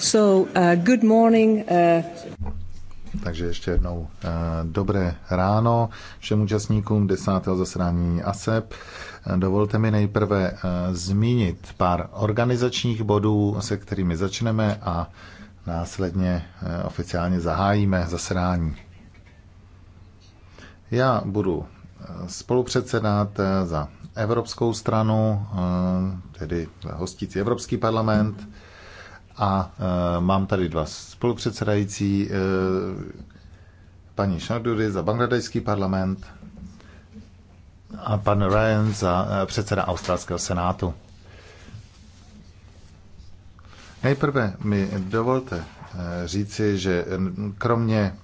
So, uh, good morning. Uh... Takže ještě jednou uh, dobré ráno všem účastníkům desátého zasedání ASEP. Uh, dovolte mi nejprve uh, zmínit pár organizačních bodů, se kterými začneme a následně uh, oficiálně zahájíme zasedání. Já budu uh, spolupředsedat uh, za Evropskou stranu, tedy hostící Evropský parlament. Mm a e, mám tady dva spolupředsedající, e, paní Šardury za bangladejský parlament a pan Ryan za e, předseda australského senátu. Nejprve mi dovolte říci, že kromě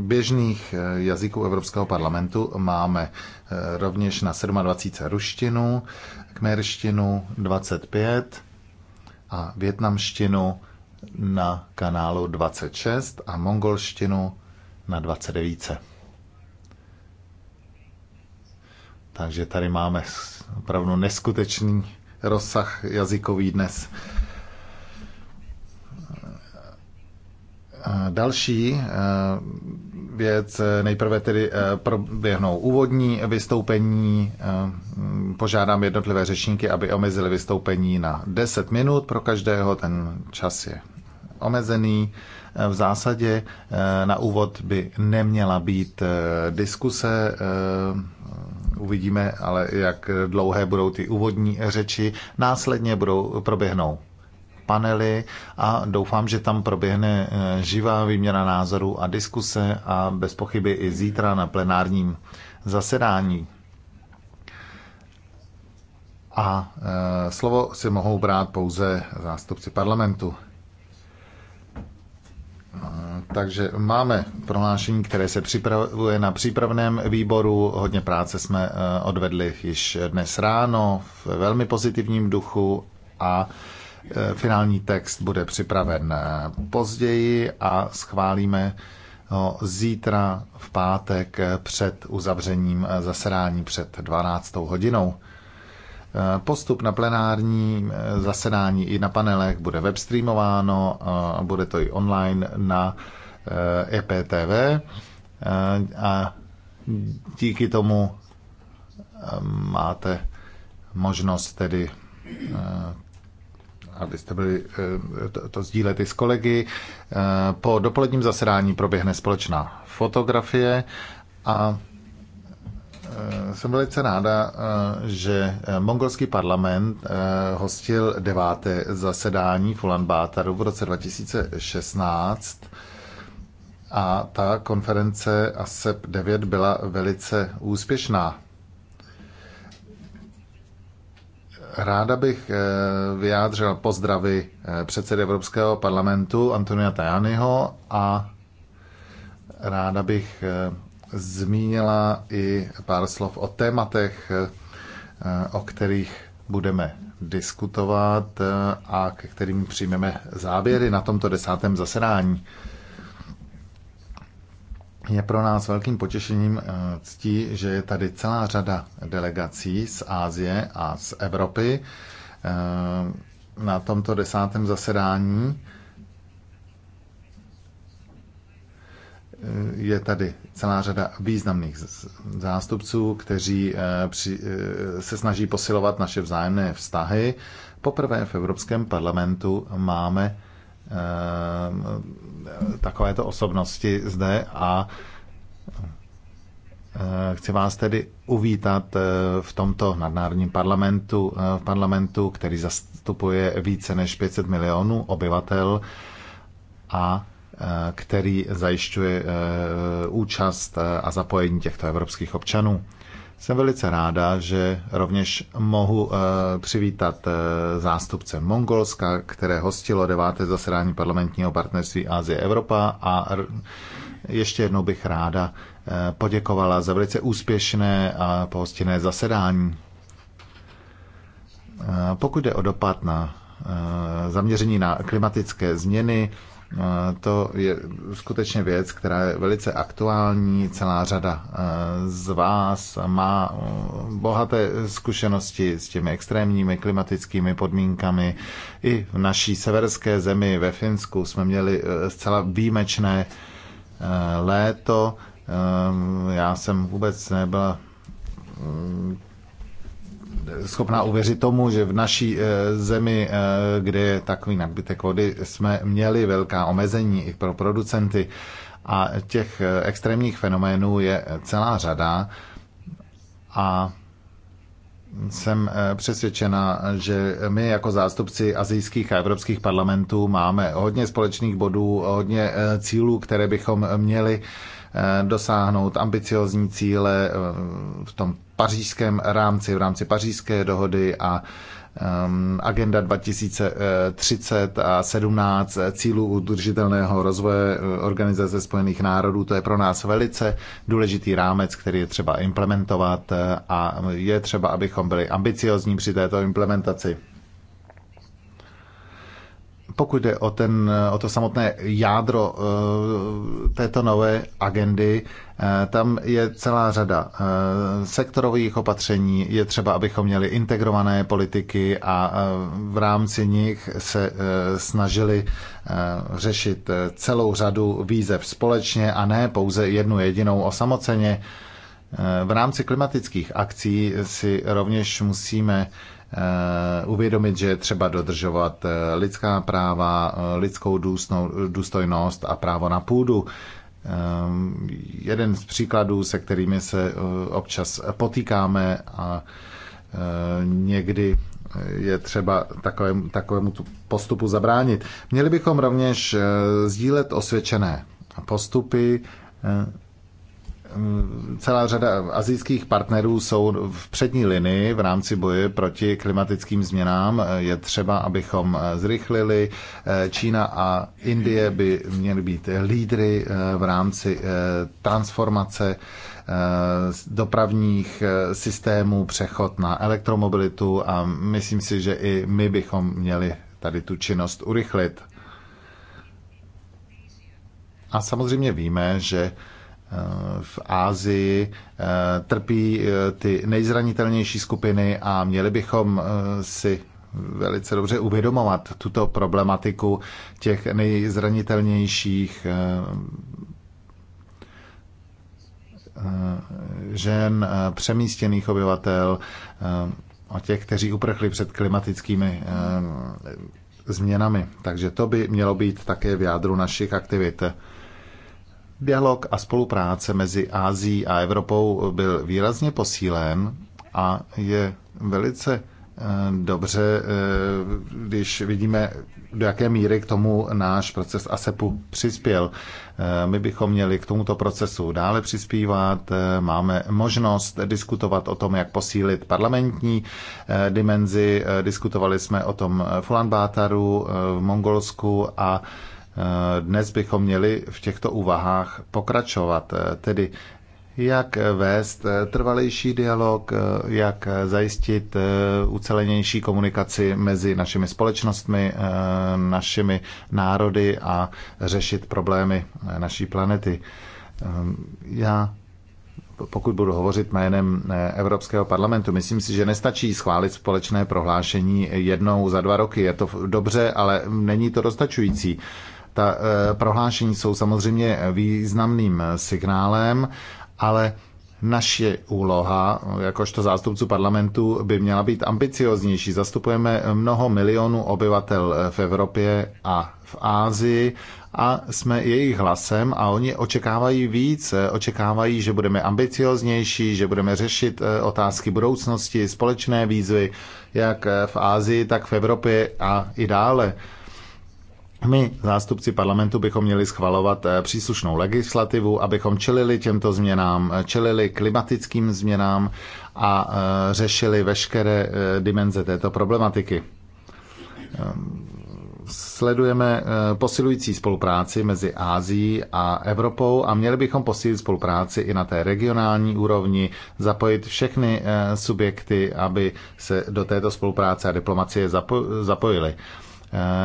běžných jazyků Evropského parlamentu máme rovněž na 27 ruštinu, kmerštinu 25, a větnamštinu na kanálu 26 a mongolštinu na 29. Takže tady máme opravdu neskutečný rozsah jazykový dnes. Další eh, věc, eh, nejprve tedy eh, proběhnou úvodní vystoupení. Požádám jednotlivé řečníky, aby omezili vystoupení na 10 minut pro každého, ten čas je omezený. V zásadě na úvod by neměla být diskuse, uvidíme ale, jak dlouhé budou ty úvodní řeči. Následně budou, proběhnout panely a doufám, že tam proběhne eh, živá výměna názorů a diskuse a bez pochyby i zítra na plenárním zasedání. A eh, slovo si mohou brát pouze zástupci parlamentu. Eh, takže máme prohlášení, které se připravuje na přípravném výboru. Hodně práce jsme odvedli již dnes ráno v velmi pozitivním duchu a Eh, finální text bude připraven eh, později a schválíme ho zítra v pátek před uzavřením eh, zasedání před 12. hodinou. Postup na plenární zasedání i na panelech bude webstreamováno, bude to i online na EPTV e a díky tomu máte možnost tedy abyste byli eh, to, to sdílet i s kolegy. Eh, po dopoledním zasedání proběhne společná fotografie a eh, jsem velice ráda, že mongolský parlament hostil deváté zasedání Fulan Bátaru v roce 2016 a ta konference ASEP 9 byla velice úspěšná. Ráda bych eh, vyjádřil pozdravy eh, předsedy Evropského parlamentu Antonia Tajaniho a ráda bych eh, zmínila i pár slov o tématech, o kterých budeme diskutovat a ke kterým přijmeme závěry na tomto desátém zasedání. Je pro nás velkým potěšením eh, ctí, že je tady celá řada delegací z Ázie a z Evropy eh, na tomto desátém zasedání. Eh, je tady celá řada významných zástupců, kteří se snaží posilovat naše vzájemné vztahy. Poprvé v Evropském parlamentu máme Ehm, takovéto osobnosti zde a eh, Chci vás tedy uvítat eh, v tomto nadnárodním parlamentu, eh, v parlamentu, který zastupuje více než 500 milionů obyvatel a který zajišťuje účast a zapojení těchto evropských občanů. Jsem velice ráda, že rovněž mohu eh, přivítat eh, zástupce Mongolska, které hostilo deváté zasedání parlamentního partnerství Asie Evropa a ještě jednou bych ráda eh, poděkovala za velice úspěšné a pohostinné zasedání. Pokud jde o dopad na zaměření na klimatické změny, to je skutečně věc, která je velice aktuální. Celá řada e, z vás má e, bohaté zkušenosti s těmi extrémními klimatickými podmínkami. I v naší severské zemi ve Finsku jsme měli e, zcela výjimečné léto. Já jsem vůbec nebyl schopná uvěřit tomu, že v naší eh, zemi, eh, kde je takový nadbytek vody, jsme měli velká omezení i pro producenty a těch eh, extrémních fenoménů je celá řada a jsem přesvědčena, že my jako zástupci azijských a evropských parlamentů máme hodně společných bodů, hodně cílů, které bychom měli Eh, dosáhnout ambiciozní cíle eh, v tom pařížském rámci, v rámci pařížské dohody a eh, Agenda 2030 a 17 cílů udržitelného rozvoje Organizace spojených národů. To je pro nás velice důležitý rámec, který je třeba implementovat a je třeba, abychom byli ambiciozní při této implementaci. Pokud je o, ten, o to samotné jádro eh, této nové agendy, eh, tam je celá řada eh, sektorových opatření. Je třeba, abychom měli integrované politiky a v rámci nich se snažili řešit celou řadu výzev společně a ne pouze jednu jedinou osamoceně. V rámci klimatických akcí si rovněž musíme Eh, uvědomit, že je třeba dodržovat eh, lidská práva, eh, lidskou důstojnost a právo na půdu. Jeden z příkladů, se kterými se občas potýkáme a někdy je třeba takovém, takovému postupu zabránit. Měli bychom rovněž sdílet osvědčené postupy, celá řada azijských partnerů jsou v přední linii v rámci boje proti klimatickým změnám. Je třeba, abychom zrychlili. Čína a Indie by měly být lídry eh, v rámci eh, transformace eh, dopravních systémů, přechod na elektromobilitu a myslím si, že i my bychom měli tady tu činnost urychlit. A samozřejmě víme, že v Ázii eh, trpí eh, ty nejzranitelnější skupiny a měli bychom eh, si velice dobře uvědomovat tuto problematiku těch nejzranitelnějších žen, přemístěných obyvatel a těch, kteří uprchli před klimatickými změnami. Takže to by mělo být také v jádru našich aktivit. Dialog a spolupráce mezi Ázií a Evropou byl výrazně posílen a je velice eh, dobře, eh, když vidíme, do jaké míry k tomu náš proces ASEPu přispěl. Eh, my bychom měli k tomuto procesu dále přispívat. Máme možnost diskutovat o tom, jak posílit parlamentní dimenzi. Diskutovali jsme o tom v Ulanbátaru, v Mongolsku a dnes bychom měli v těchto úvahách pokračovat, tedy jak vést trvalejší dialog, jak zajistit ucelenější komunikaci mezi našimi společnostmi, našimi národy a řešit problémy naší planety. Já pokud budu hovořit jménem Evropského parlamentu, myslím si, že nestačí schválit společné prohlášení jednou za dva roky. Je to dobře, ale není to dostačující. Ta eh, prohlášení jsou samozřejmě významným eh, signálem, ale naše úloha, jakožto zástupců parlamentu, by měla být ambicioznější. Zastupujeme mnoho milionů obyvatel eh, v Evropě a v Ázii a jsme jejich hlasem a oni očekávají víc, očekávají, že budeme ambicioznější, že budeme řešit otázky budoucnosti, společné výzvy, jak v Ázii, tak v Evropě a i dále. My, zástupci parlamentu, bychom měli schvalovat eh, příslušnou legislativu, abychom čelili těmto změnám, eh, čelili klimatickým změnám a eh, řešili veškeré dimenze této problematiky. Ehm, sledujeme posilující spolupráci mezi Ázií a Evropou a měli bychom posílit spolupráci i na té regionální úrovni, zapojit všechny subjekty, aby se do této spolupráce a diplomacie zapojili.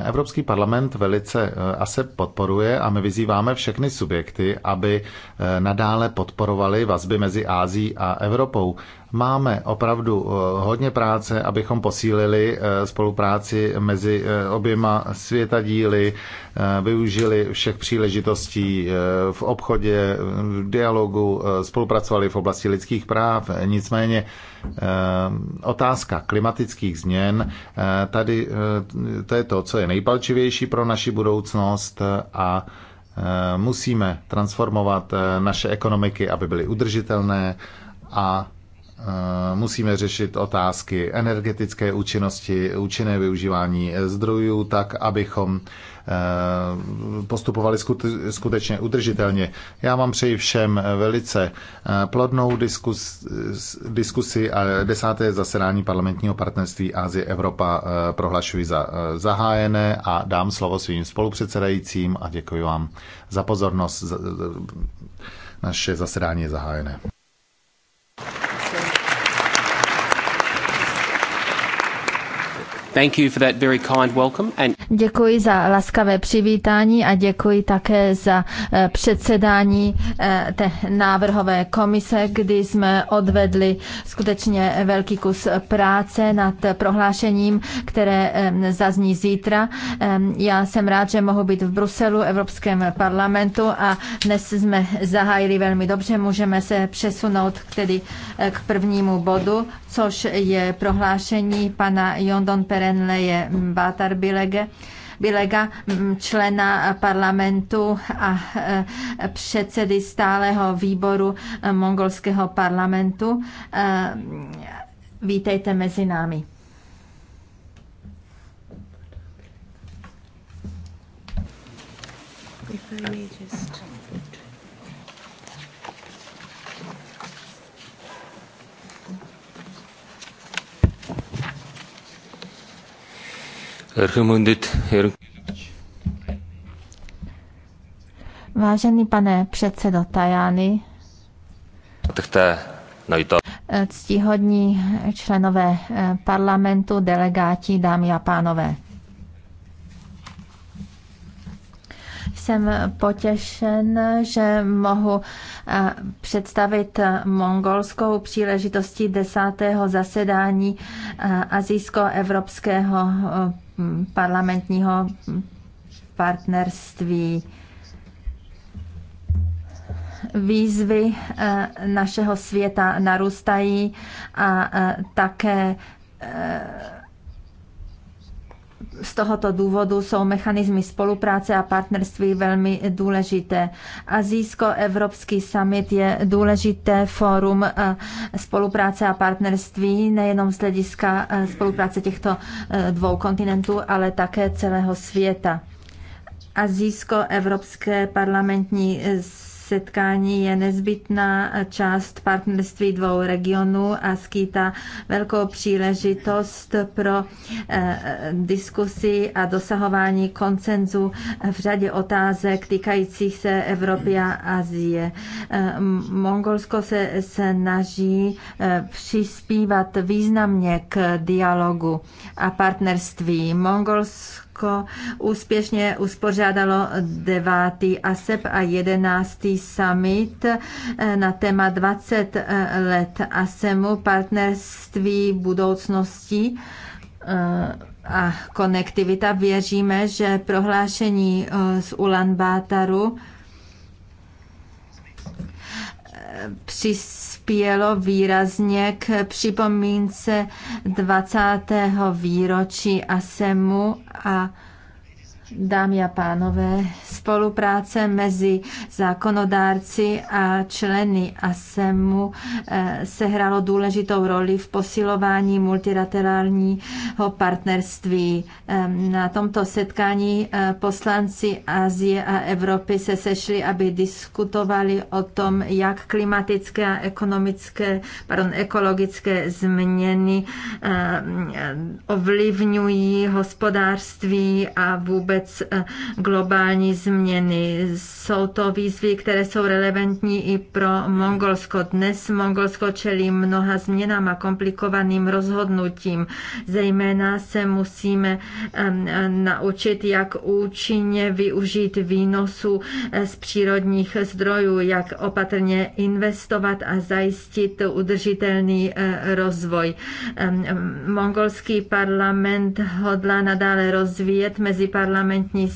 Evropský parlament velice eh, ASE podporuje a my vyzýváme všechny subjekty, aby eh, nadále podporovali vazby mezi Ázií a Evropou Máme opravdu eh, hodně práce, abychom posílili eh, spolupráci mezi eh, oběma světadíly, využili všech příležitostí v obchodě, v dialogu, spolupracovali v oblasti lidských práv. Nicméně otázka klimatických změn, tady to je to, co je nejpalčivější pro naši budoucnost a musíme transformovat naše ekonomiky, aby byly udržitelné a Eh, musíme řešit otázky energetické účinnosti, účinné využívání eh, zdrojů, tak abychom eh, postupovali skutečně udržitelně. Já vám přeji všem velice plodnou diskus, diskusi a desáté zasedání parlamentního partnerství Asie Evropa prohlašuji za zahájené a dám slovo svým spolupředsedajícím a děkuji vám za pozornost. Naše zasedání je zahájené. Thank you for that very kind welcome and... Děkuji za laskavé přivítání a děkuji také za eh, předsedání eh, té návrhové komise, kdy jsme odvedli skutečně velký kus práce nad prohlášením, které eh, zazní zítra. Ehm, já jsem rád, že mohu být v Bruselu, Evropském parlamentu a dnes jsme zahájili velmi dobře. Můžeme se přesunout k, tedy, k prvnímu bodu, což je prohlášení pana Jondon Pere Renleje Bátar Bilege, Bilega, člena parlamentu a e, předsedy stáleho výboru e, mongolského parlamentu. E, vítejte mezi námi. If I may just... Vážený pane předsedo Tajány, no ctihodní členové eh, parlamentu, delegáti, dámy a pánové. Jsem potěšen, že mohu eh, představit mongolskou příležitostí desátého zasedání eh, Azijsko-Evropského eh, parlamentního partnerství výzvy našeho světa narůstají a také z tohoto důvodu jsou mechanismy spolupráce a partnerství velmi důležité. Azijsko-Evropský summit je důležité fórum eh, spolupráce a partnerství nejenom z hlediska eh, spolupráce těchto eh, dvou kontinentů, ale také celého světa. Azijsko-Evropské parlamentní setkání je nezbytná část partnerství dvou regionů a skýtá velkou příležitost pro eh, diskusi a dosahování koncenzu v řadě otázek týkajících se Evropy a Azie. Eh, Mongolsko se snaží eh, přispívat významně k dialogu a partnerství. Mongolsko Rusko úspěšně uspořádalo devátý ASEP a jedenáctý summit eh, na téma 20 eh, let ASEMu partnerství budoucnosti eh, a konektivita. Věříme, že prohlášení z Ulan Bátaru přis přispělo výrazně k připomínce 20. výročí ASEMu a Dámy a pánové, spolupráce mezi zákonodárci a členy ASEMu eh, sehrálo důležitou roli v posilování multilaterálního partnerství. Na tomto setkání eh, poslanci Asie a Evropy se sešli, aby diskutovali o tom, jak klimatické a ekonomické, pardon, ekologické změny eh, ovlivňují hospodářství a vůbec vůbec eh, globální změny. Jsou to výzvy, které jsou relevantní i pro Mongolsko. Dnes Mongolsko čelí mnoha změnám a komplikovaným rozhodnutím. Zejména se musíme eh, naučit, jak účinně využít výnosu eh, z přírodních zdrojů, jak opatrně investovat a zajistit udržitelný rozvoj. Mongolský parlament hodlá nadále rozvíjet mezi parlament parlamentní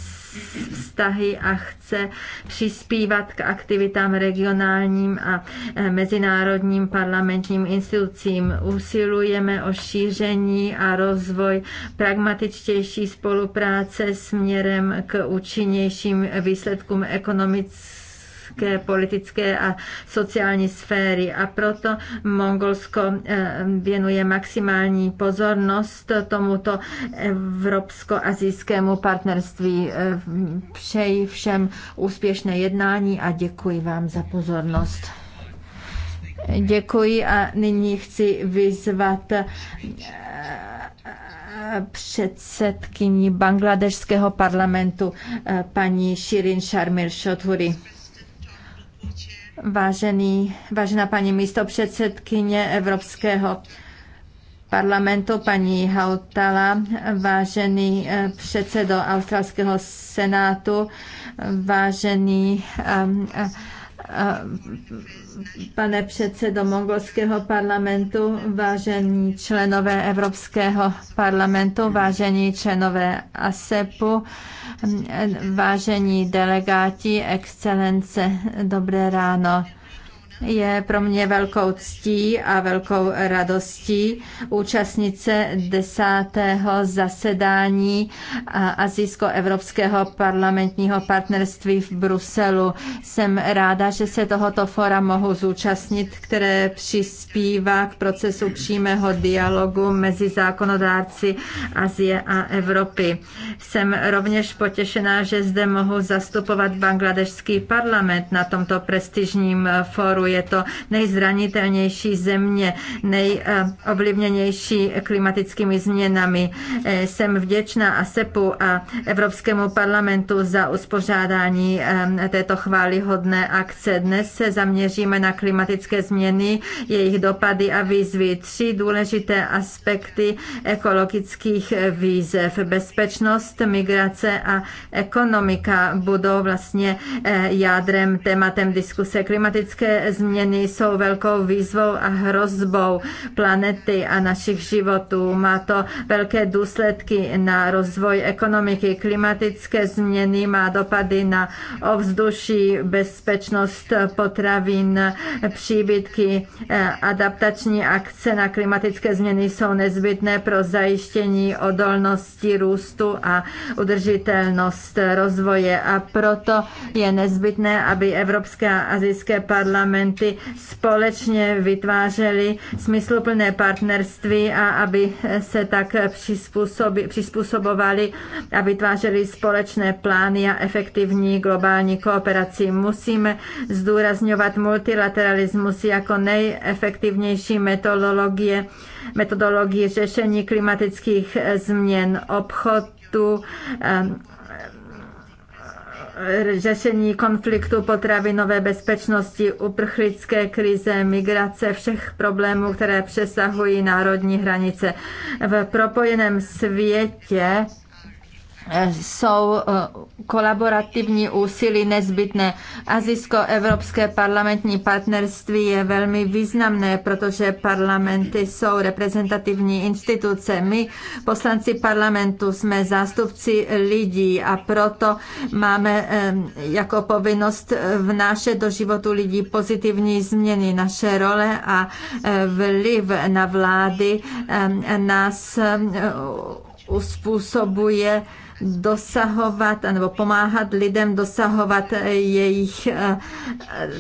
vztahy a chce přispívat k aktivitám regionálním a eh, mezinárodním parlamentním institucím. Usilujeme o šíření a rozvoj pragmatičtější spolupráce směrem k účinnějším výsledkům ekonomických hospodářské, politické a sociální sféry. A proto Mongolsko eh, věnuje maximální pozornost tomuto evropsko-azijskému partnerství. Eh, přeji všem úspěšné jednání a děkuji vám za pozornost. Děkuji a nyní chci vyzvat eh, předsedkyni bangladešského parlamentu paní Shirin Sharmir Shoturi. Vážený, vážená paní místopředsedkyně Evropského parlamentu, paní Hautala, vážený eh, předsedo australského senátu, vážený eh, eh, Eh, pane předsedo mongolského parlamentu, vážení členové Evropského parlamentu, vážení členové ASEPu, eh, vážení delegáti, excelence, dobré ráno. Je pro mě velkou ctí a velkou radostí účastnit se desátého zasedání Azijsko-Evropského parlamentního partnerství v Bruselu. Jsem ráda, že se tohoto fora mohu zúčastnit, které přispívá k procesu přímého dialogu mezi zákonodárci Azie a Evropy. Jsem rovněž potěšená, že zde mohu zastupovat bangladešský parlament na tomto prestižním fóru je to nejzranitelnější země, nejovlivněnější klimatickými změnami. Eh, jsem vděčná a SEPu a Evropskému parlamentu za uspořádání eh, této chválihodné akce. Dnes se zaměříme na klimatické změny, jejich dopady a výzvy. Tři důležité aspekty ekologických výzev. Bezpečnost, migrace a ekonomika budou vlastně eh, jádrem tématem diskuse. Klimatické změny jsou velkou výzvou a hrozbou planety a našich životů. Má to velké důsledky na rozvoj ekonomiky. Klimatické změny má dopady na ovzduší, bezpečnost potravin, příbytky. Eh, adaptační akce na klimatické změny jsou nezbytné pro zajištění odolnosti růstu a udržitelnost rozvoje. A proto je nezbytné, aby Evropské a Azijské parlament momenty společně vytvářeli smysluplné partnerství a aby se tak přizpůsobovali a vytvářeli společné plány a efektivní globální kooperaci. Musíme zdůrazňovat multilateralismus jako nejefektivnější metodologie, metodologie řešení klimatických změn, obchod řešení konfliktu potravinové bezpečnosti, uprchlické krize, migrace, všech problémů, které přesahují národní hranice. V propojeném světě jsou eh, kolaborativní úsilí nezbytné. Azijsko-evropské parlamentní partnerství je velmi významné, protože parlamenty jsou reprezentativní instituce. My, poslanci parlamentu, jsme zástupci lidí a proto máme eh, jako povinnost eh, vnášet do životu lidí pozitivní změny. Naše role a vliv na vlády nás uspůsobuje dosahovat nebo pomáhat lidem dosahovat jejich eh, eh,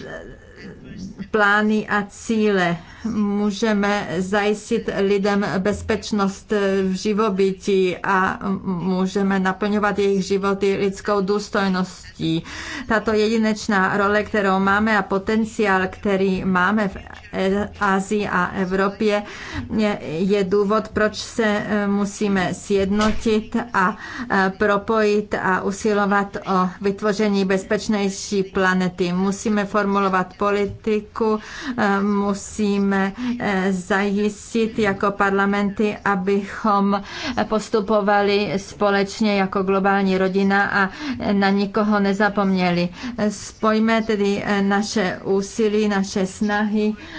plány a cíle. Můžeme zajistit lidem bezpečnost v živobytí a můžeme naplňovat jejich životy lidskou důstojností. Tato jedinečná role, kterou máme a potenciál, který máme v Eh, Asii a Evropě je důvod, proč se eh, musíme sjednotit a eh, propojit a usilovat o vytvoření bezpečnější planety. Musíme formulovat politiku, musíme zajistit jako parlamenty, abychom postupovali společně jako globální rodina a na nikoho nezapomněli. Spojme tedy naše úsilí, naše snahy,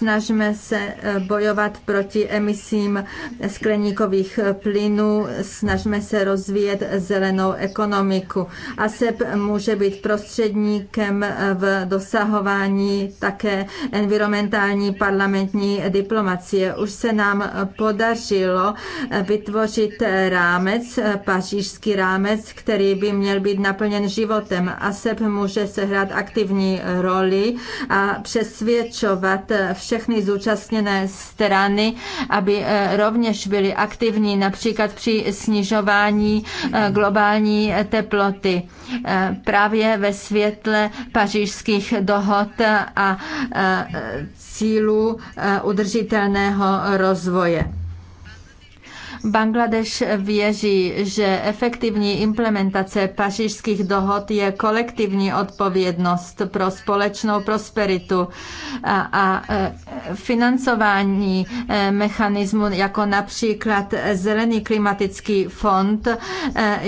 Snažíme se eh, bojovat proti emisím skleníkových eh, plynů, Snažíme se rozvíjet zelenou ekonomiku. ASEP může být prostředníkem eh, v dosahování také environmentální parlamentní diplomacie. Už se nám podařilo vytvořit rámec, pařížský rámec, který by měl být naplněn životem. ASEP může sehrát aktivní roli a přesvědčovat všechny všechny zúčastněné strany, aby eh, rovněž byly aktivní například při snižování eh, globální teploty. Eh, právě ve světle pařížských dohod a cílů udržitelného rozvoje. Bangladeš věří, že efektivní implementace pařížských dohod je kolektivní odpovědnost pro společnou prosperitu a, a e, financování e, mechanismu, jako například Zelený klimatický fond, e,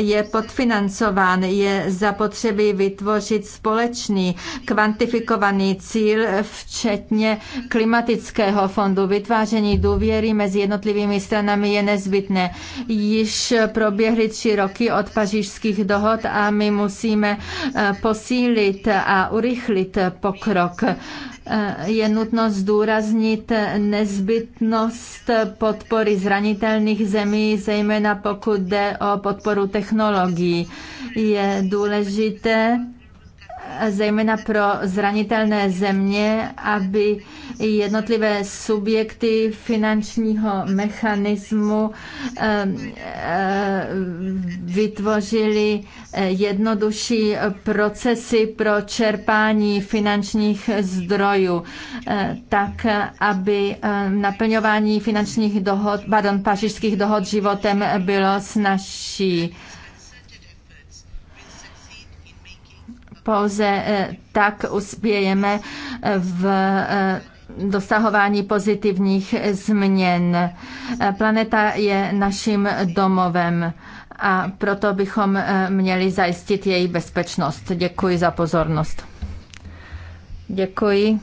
je podfinancován. Je zapotřebí vytvořit společný kvantifikovaný cíl, včetně klimatického fondu. Vytváření důvěry mezi jednotlivými stranami je nezbytné nezbytné. Již proběhly tři roky od pařížských dohod a my musíme eh, posílit a urychlit pokrok eh, je nutno zdůraznit nezbytnost podpory zranitelných zemí, zejména pokud jde o podporu technologií. Je důležité zejména pro zranitelné země, aby jednotlivé subjekty finančního mechanismu eh, eh, vytvořili eh, jednodušší procesy pro čerpání finančních zdrojů, tak aby naplňování finančních dohod, pardon, pařížských dohod životem bylo snažší Pouze eh, tak uspějeme eh, v eh, dosahování pozitivních změn. Planeta je naším domovem a proto bychom měli zajistit její bezpečnost. Děkuji za pozornost. Děkuji.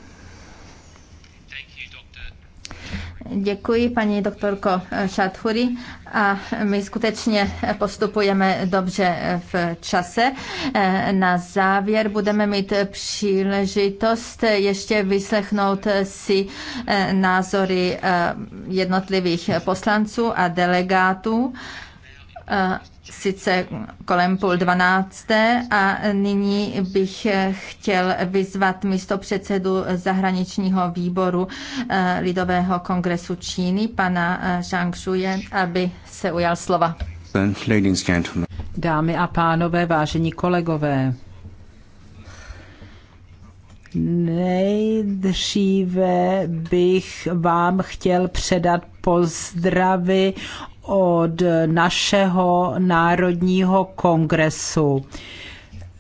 Děkuji, paní doktorko Šatfuri. A my skutečně postupujeme dobře v čase. Na závěr budeme mít příležitost ještě vyslechnout si názory jednotlivých poslanců a delegátů sice kolem půl dvanácté a nyní bych chtěl vyzvat místo předsedu zahraničního výboru eh, Lidového kongresu Číny, pana eh, Zhang Shuye, aby se ujal slova. Dámy a pánové, vážení kolegové, Nejdříve bych vám chtěl předat pozdravy od našeho národního kongresu.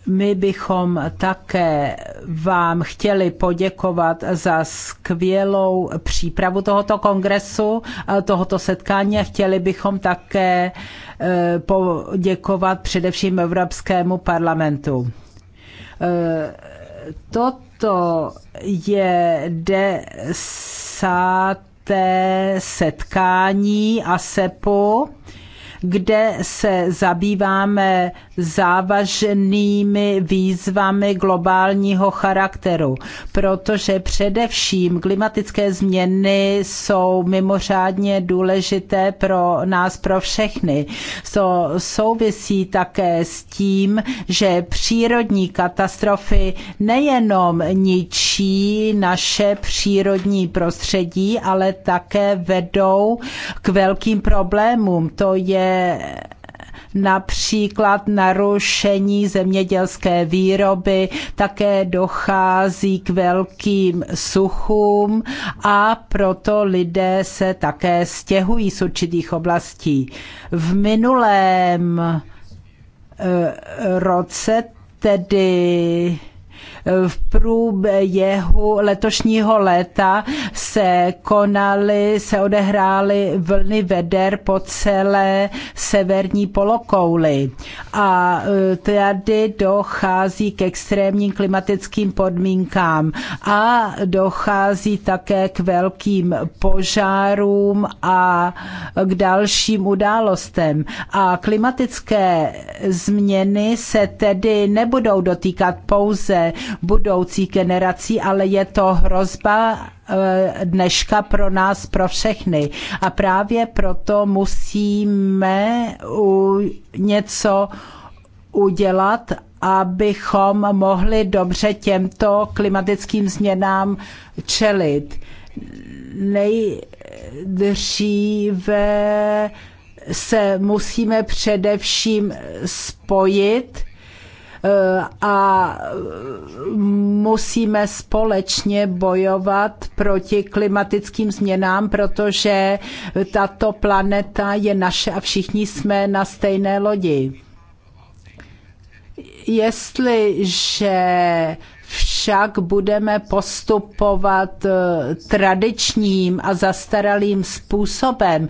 My bychom také vám chtěli poděkovat za skvělou přípravu tohoto kongresu, tohoto setkání a chtěli bychom také eh, poděkovat především Evropskému parlamentu. Eh, toto je desát té setkání sepo kde se zabýváme závažnými výzvami globálního charakteru, protože především klimatické změny jsou mimořádně důležité pro nás, pro všechny. To souvisí také s tím, že přírodní katastrofy nejenom ničí naše přírodní prostředí, ale také vedou k velkým problémům. To je například narušení zemědělské výroby, také dochází k velkým suchům a proto lidé se také stěhují z určitých oblastí. V minulém eh, roce tedy v průběhu letošního léta se konaly, se odehrály vlny veder po celé severní polokouli. A e, tady dochází k extrémním klimatickým podmínkám a dochází také k velkým požárům a k dalším událostem. A klimatické změny se tedy nebudou dotýkat pouze generace, budoucích generací, ale je to hrozba eh, dneška pro nás, pro všechny. A právě proto musíme něco udělat, abychom mohli dobře těmto klimatickým změnám čelit. Nejdříve se musíme především spojit Eh, a mm, musíme společně bojovat proti klimatickým změnám, protože tato planeta je naše a všichni jsme na stejné lodi jestliže však budeme postupovat eh, tradičním a zastaralým způsobem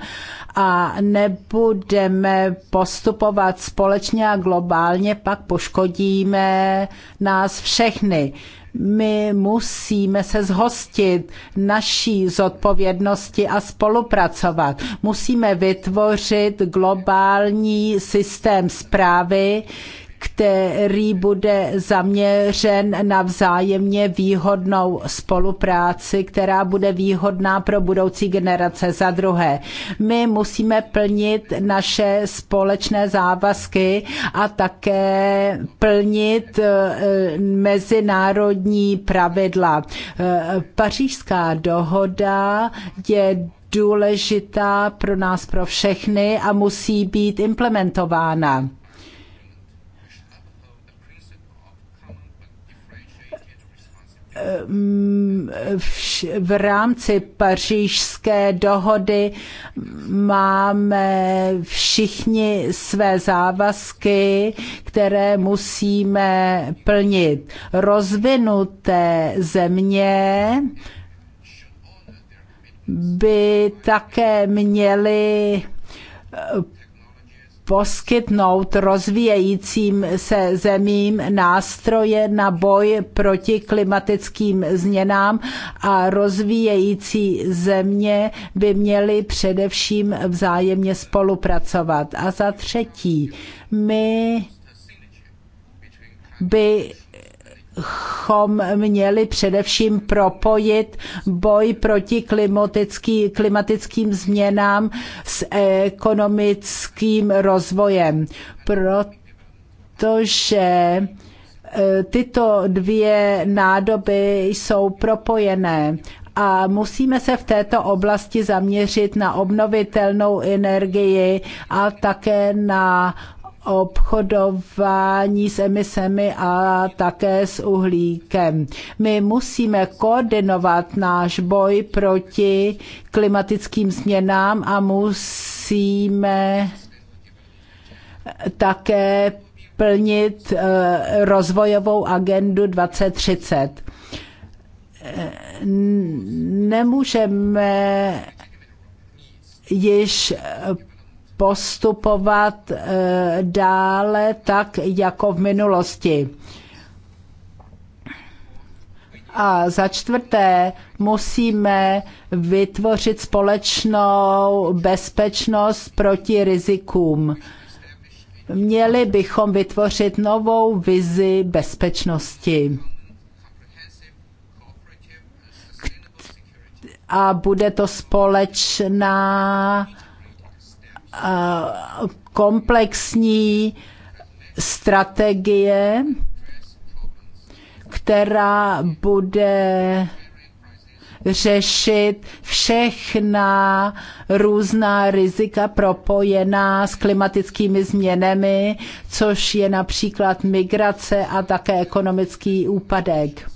a nebudeme postupovat společně a globálně, pak poškodíme nás všechny my musíme se zhostit naší zodpovědnosti a spolupracovat. Musíme vytvořit globální systém zprávy, který bude zaměřen na vzájemně výhodnou spolupráci, která bude výhodná pro budoucí generace. Za druhé, my musíme plnit naše společné závazky a také plnit eh, mezinárodní pravidla. Eh, Pařížská dohoda je důležitá pro nás, pro všechny a musí být implementována. Eh, v rámci pařížské dohody máme všichni své závazky, které musíme plnit. Rozvinuté země by také měly poskytnout rozvíjejícím se zemím nástroje na boj proti klimatickým změnám a rozvíjející země by měly především vzájemně spolupracovat. A za třetí, my by bychom měli především propojit boj proti klimatický, klimatickým změnám s ekonomickým rozvojem, protože e, tyto dvě nádoby jsou propojené a musíme se v této oblasti zaměřit na obnovitelnou energii a také na obchodování s emisemi a také s uhlíkem. My musíme koordinovat náš boj proti klimatickým změnám a musíme také plnit eh, rozvojovou agendu 2030. Nemůžeme již postupovat eh, dále tak, jako v minulosti. A za čtvrté, musíme vytvořit společnou bezpečnost proti rizikům. Měli bychom vytvořit novou vizi bezpečnosti. A bude to společná komplexní strategie, která bude řešit všechna různá rizika propojená s klimatickými změnami, což je například migrace a také ekonomický úpadek.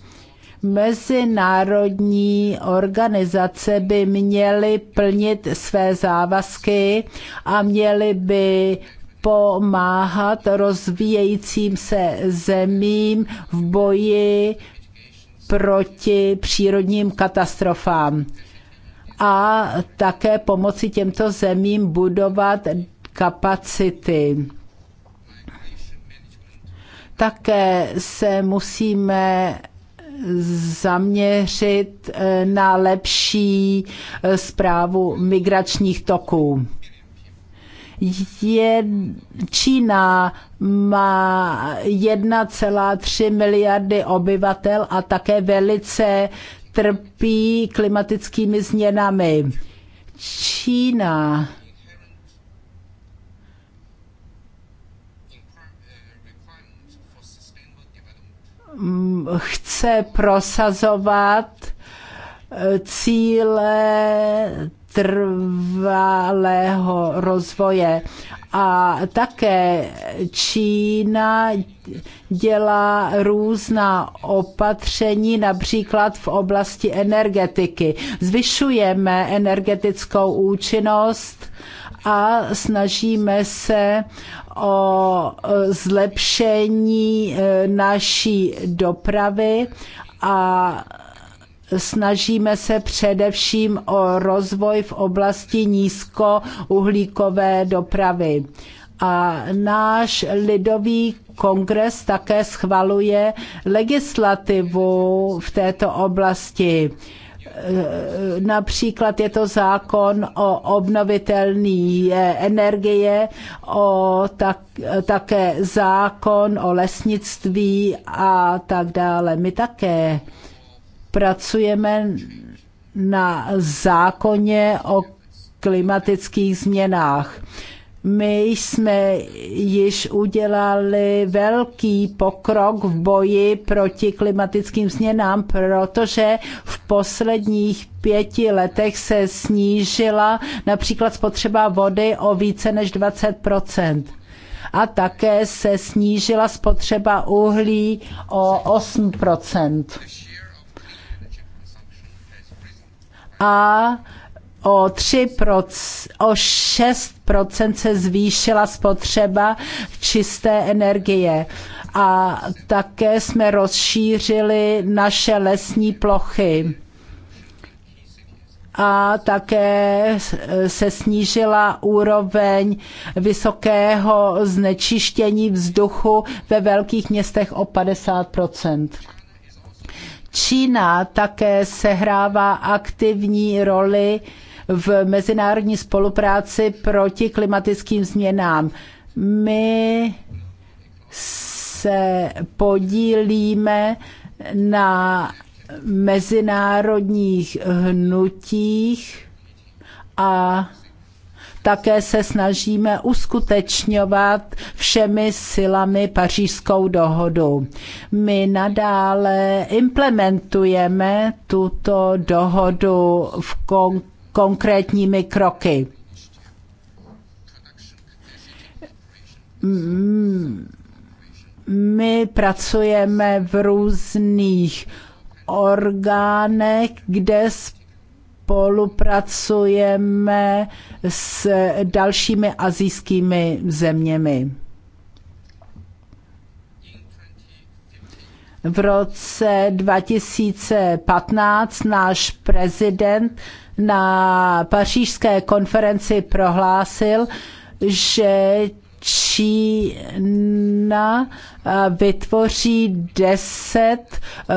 Mezinárodní organizace by měly plnit své závazky a měly by pomáhat rozvíjejícím se zemím v boji proti přírodním katastrofám a také pomoci těmto zemím budovat kapacity. Také se musíme zaměřit eh, na lepší zprávu eh, migračních toků. Je, Čína má 1,3 miliardy obyvatel a také velice trpí klimatickými změnami. Čína Mm, chce prosazovat eh, cíle trvalého rozvoje. A také Čína dělá různá opatření, například v oblasti energetiky. Zvyšujeme energetickou účinnost a snažíme se o e, zlepšení e, naší dopravy a snažíme se především o rozvoj v oblasti nízkouhlíkové dopravy. A náš lidový kongres také schvaluje legislativu v této oblasti Například je to zákon o obnovitelné eh, energie, o tak, také zákon o lesnictví a tak dále. My také pracujeme na zákoně o klimatických změnách. My jsme již udělali velký pokrok v boji proti klimatickým změnám, protože v posledních pěti letech se snížila například spotřeba vody o více než 20 a také se snížila spotřeba uhlí o 8 A o, 3 o 6 se zvýšila spotřeba čisté energie. A také jsme rozšířili naše lesní plochy a také se snížila úroveň vysokého znečištění vzduchu ve velkých městech o 50 Čína také sehrává aktivní roli v mezinárodní spolupráci proti klimatickým změnám. My se podílíme na mezinárodních hnutích a také se snažíme uskutečňovat všemi silami pařížskou dohodu. My nadále implementujeme tuto dohodu v konkrétní konkrétními kroky. My pracujeme v různých orgánech, kde spolupracujeme s dalšími azijskými zeměmi. V roce 2015 náš prezident na pařížské konferenci prohlásil, že Čína eh, vytvoří deset eh,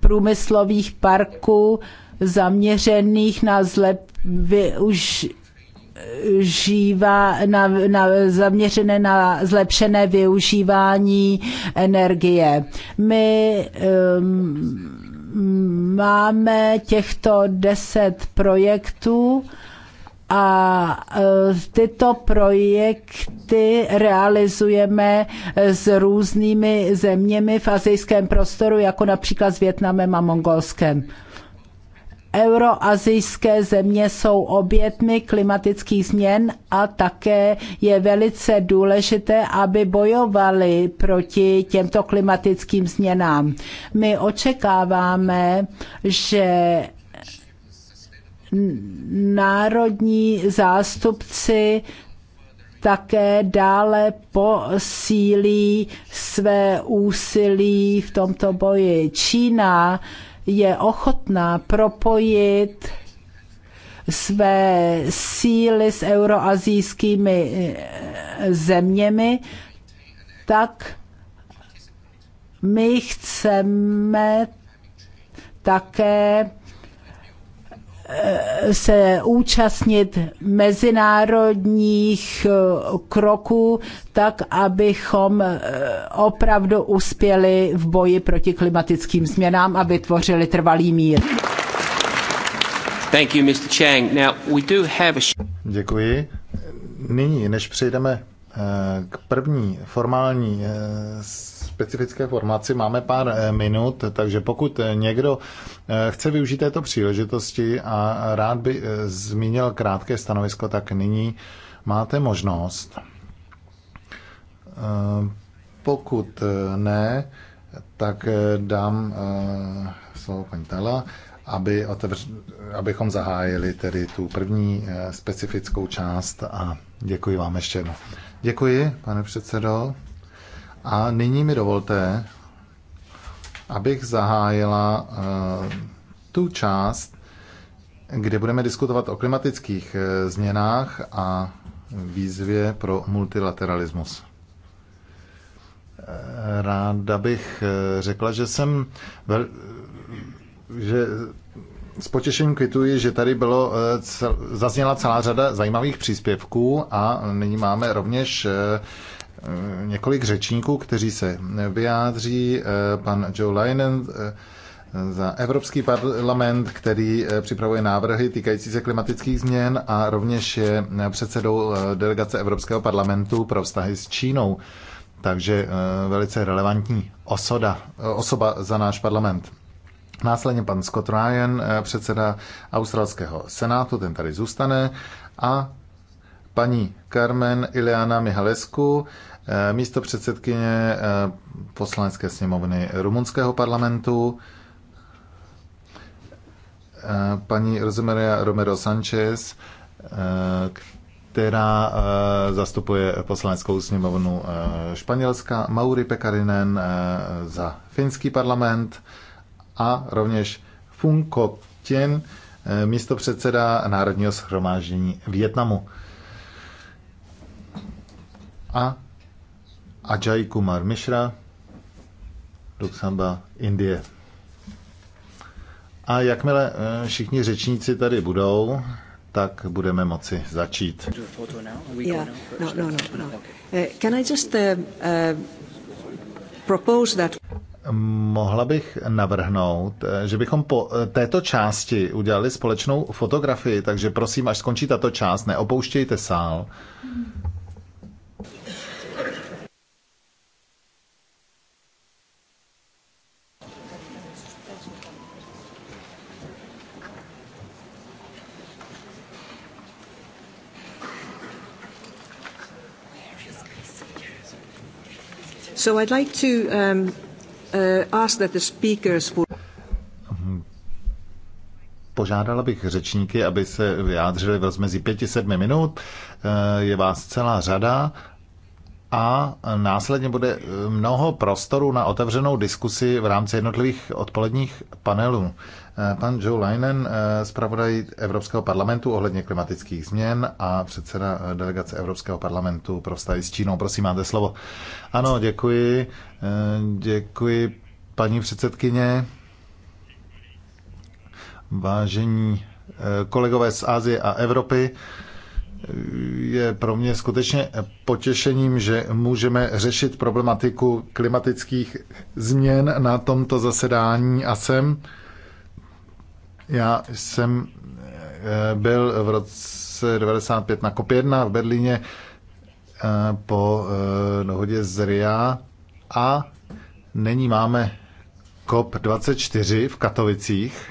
průmyslových parků zaměřených na zlep, Už žívá na, na, zaměřené na zlepšené využívání energie. My um, máme těchto deset projektů a uh, tyto projekty realizujeme s různými zeměmi v azijském prostoru, jako například s Větnamem a Mongolskem euroazijské země jsou obětmi klimatických změn a také je velice důležité, aby bojovali proti těmto klimatickým změnám. My očekáváme, že národní zástupci také dále posílí své úsilí v tomto boji. Čína je ochotná propojit své síly s euroazijskými eh, zeměmi, tak my chceme také se účastnit mezinárodních eh, kroků, tak abychom eh, opravdu uspěli v boji proti klimatickým změnám a vytvořili trvalý mír. Thank you, Mr. Chang. Now, we do have a... Děkuji. Nyní, než přejdeme eh, k první formální specifické formaci. Máme pár eh, minut, takže pokud eh, někdo eh, chce využít této příležitosti a rád by zmínil krátké stanovisko, tak nyní máte možnost. Pokud ne, tak dám slovo paní Tala aby otevř, abychom zahájili tedy tu první specifickou část a děkuji vám ještě jednou. Děkuji, pane předsedo. A nyní mi dovolte, abych zahájila eh, tu část, kde budeme diskutovat o klimatických eh, změnách a výzvě pro multilateralismus. Eh, ráda bych řekla, že jsem vel, že s potěšením kvituji, že tady bylo, zazněla celá řada zajímavých příspěvků a nyní máme rovněž několik řečníků, kteří se vyjádří. Pan Joe Linen za Evropský parlament, který připravuje návrhy týkající se klimatických změn a rovněž je předsedou delegace Evropského parlamentu pro vztahy s Čínou. Takže eh, velice relevantní osoda, eh, osoba za náš parlament. Následně pan Scott Ryan, eh, předseda australského senátu, ten tady zůstane, a paní Carmen Ileana Mihalescu, Eh, místo předsedkyně eh, poslanecké sněmovny rumunského parlamentu, eh, paní Rosemaria Romero Sanchez, která zastupuje poslaneckou sněmovnu Španělska, Mauri Pekarinen za finský parlament a rovněž Funko Tien, místo předseda Národního schromáždění Větnamu. A Ajay Kumar Mishra, Luxamba, Indie. A jakmile eh, všichni řečníci tady budou, tak budeme moci začít. Mohla bych navrhnout, eh, že bychom po eh, této části udělali společnou fotografii, takže prosím, až skončí tato část, neopouštějte sál. Mm So I'd like to um, uh, ask that the speakers would... Požádala bych řečníky, aby se vyjádřili v rozmezí 5-7 minut. Eh, je vás celá řada a následně bude eh, mnoho prostoru na otevřenou diskusi v rámci jednotlivých odpoledních panelů. Eh, pan Joe Leinen, eh, zpravodaj Evropského parlamentu ohledně klimatických změn a předseda delegace Evropského parlamentu pro vztahy s Čínou. Prosím, máte slovo. Ano, děkuji. Děkuji, paní předsedkyně. Vážení kolegové z Asie a Evropy, je pro mě skutečně potěšením, že můžeme řešit problematiku klimatických změn na tomto zasedání a jsem. Já jsem eh, byl v roce 95 na COP1 v Berlíně eh, po eh, dohodě z RIA a nyní máme COP24 v Katovicích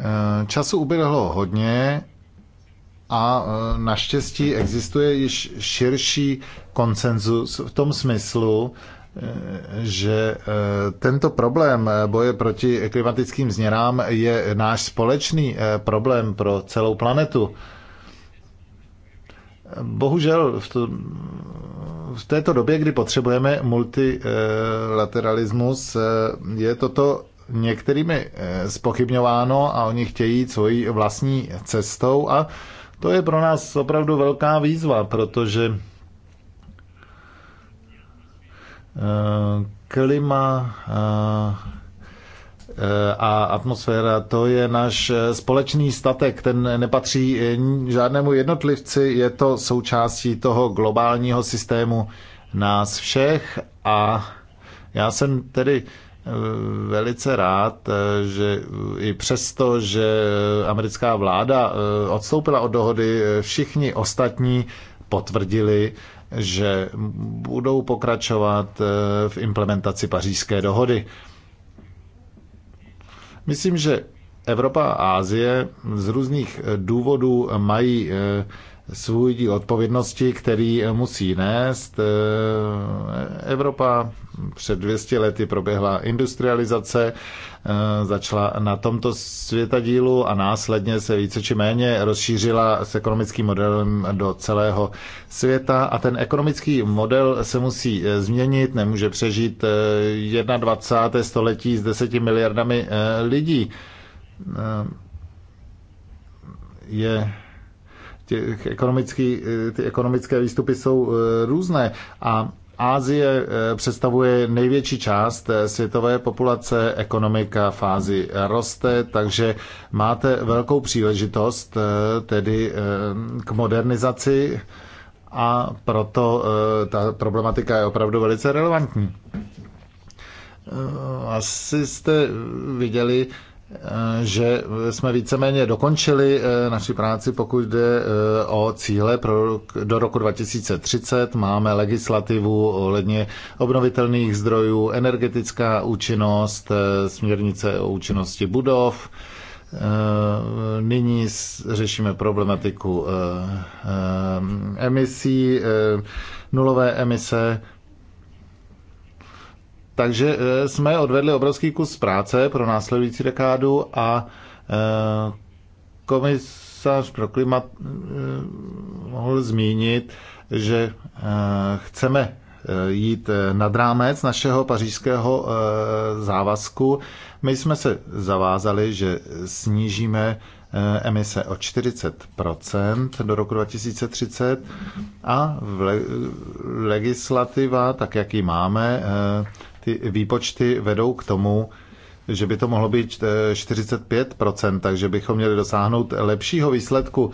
Eh, času uběhlo hodně a eh, naštěstí existuje již širší konsenzus v tom smyslu, eh, že tento problém boje proti klimatickým změnám je náš společný problém pro celou planetu. Bohužel v, to, v této době, kdy potřebujeme multilateralismus, je toto některými spochybňováno eh, a oni chtějí svojí vlastní cestou a to je pro nás opravdu velká výzva, protože eh, klima eh, a atmosféra, to je náš společný statek, ten nepatří žádnému jednotlivci, je to součástí toho globálního systému nás všech a já jsem tedy velice rád, eh, že i přesto, že eh, americká vláda eh, odstoupila od dohody, všichni ostatní potvrdili, že budou pokračovat v implementaci pařížské dohody. Myslím, že Evropa a Ázie z různých důvodů mají svůj díl odpovědnosti, který eh, musí nést. Eh, Evropa před 200 lety proběhla industrializace, eh, začala na tomto světadílu a následně se více či méně rozšířila s ekonomickým modelem do celého světa a ten ekonomický model se musí změnit, nemůže přežít 21. století s 10 miliardami lidí. Je těch ekonomický, eh, ty ekonomické výstupy jsou eh, různé a Ázie eh, představuje největší část světové populace, ekonomika v Ázii roste, takže máte velkou příležitost tedy k modernizaci a proto ta problematika je opravdu velice relevantní. Asi jste viděli, Eh, že jsme víceméně dokončili eh, naši práci, pokud jde eh, o cíle pro, do roku 2030. Máme legislativu ohledně obnovitelných zdrojů, energetická účinnost, směrnice o účinnosti budov. Nyní řešíme problematiku emisí, nulové emise takže eh, jsme odvedli obrovský kus práce pro následující dekádu a eh, komisař pro klimat eh, mohl zmínit, že chceme jít nad rámec našeho pařížského závazku. My jsme se zavázali, že snížíme emise o 40 do roku 2030 a legislativa, tak jak ji máme, ty výpočty vedou k tomu, že by to mohlo být 45%, eh, takže bychom měli dosáhnout lepšího výsledku.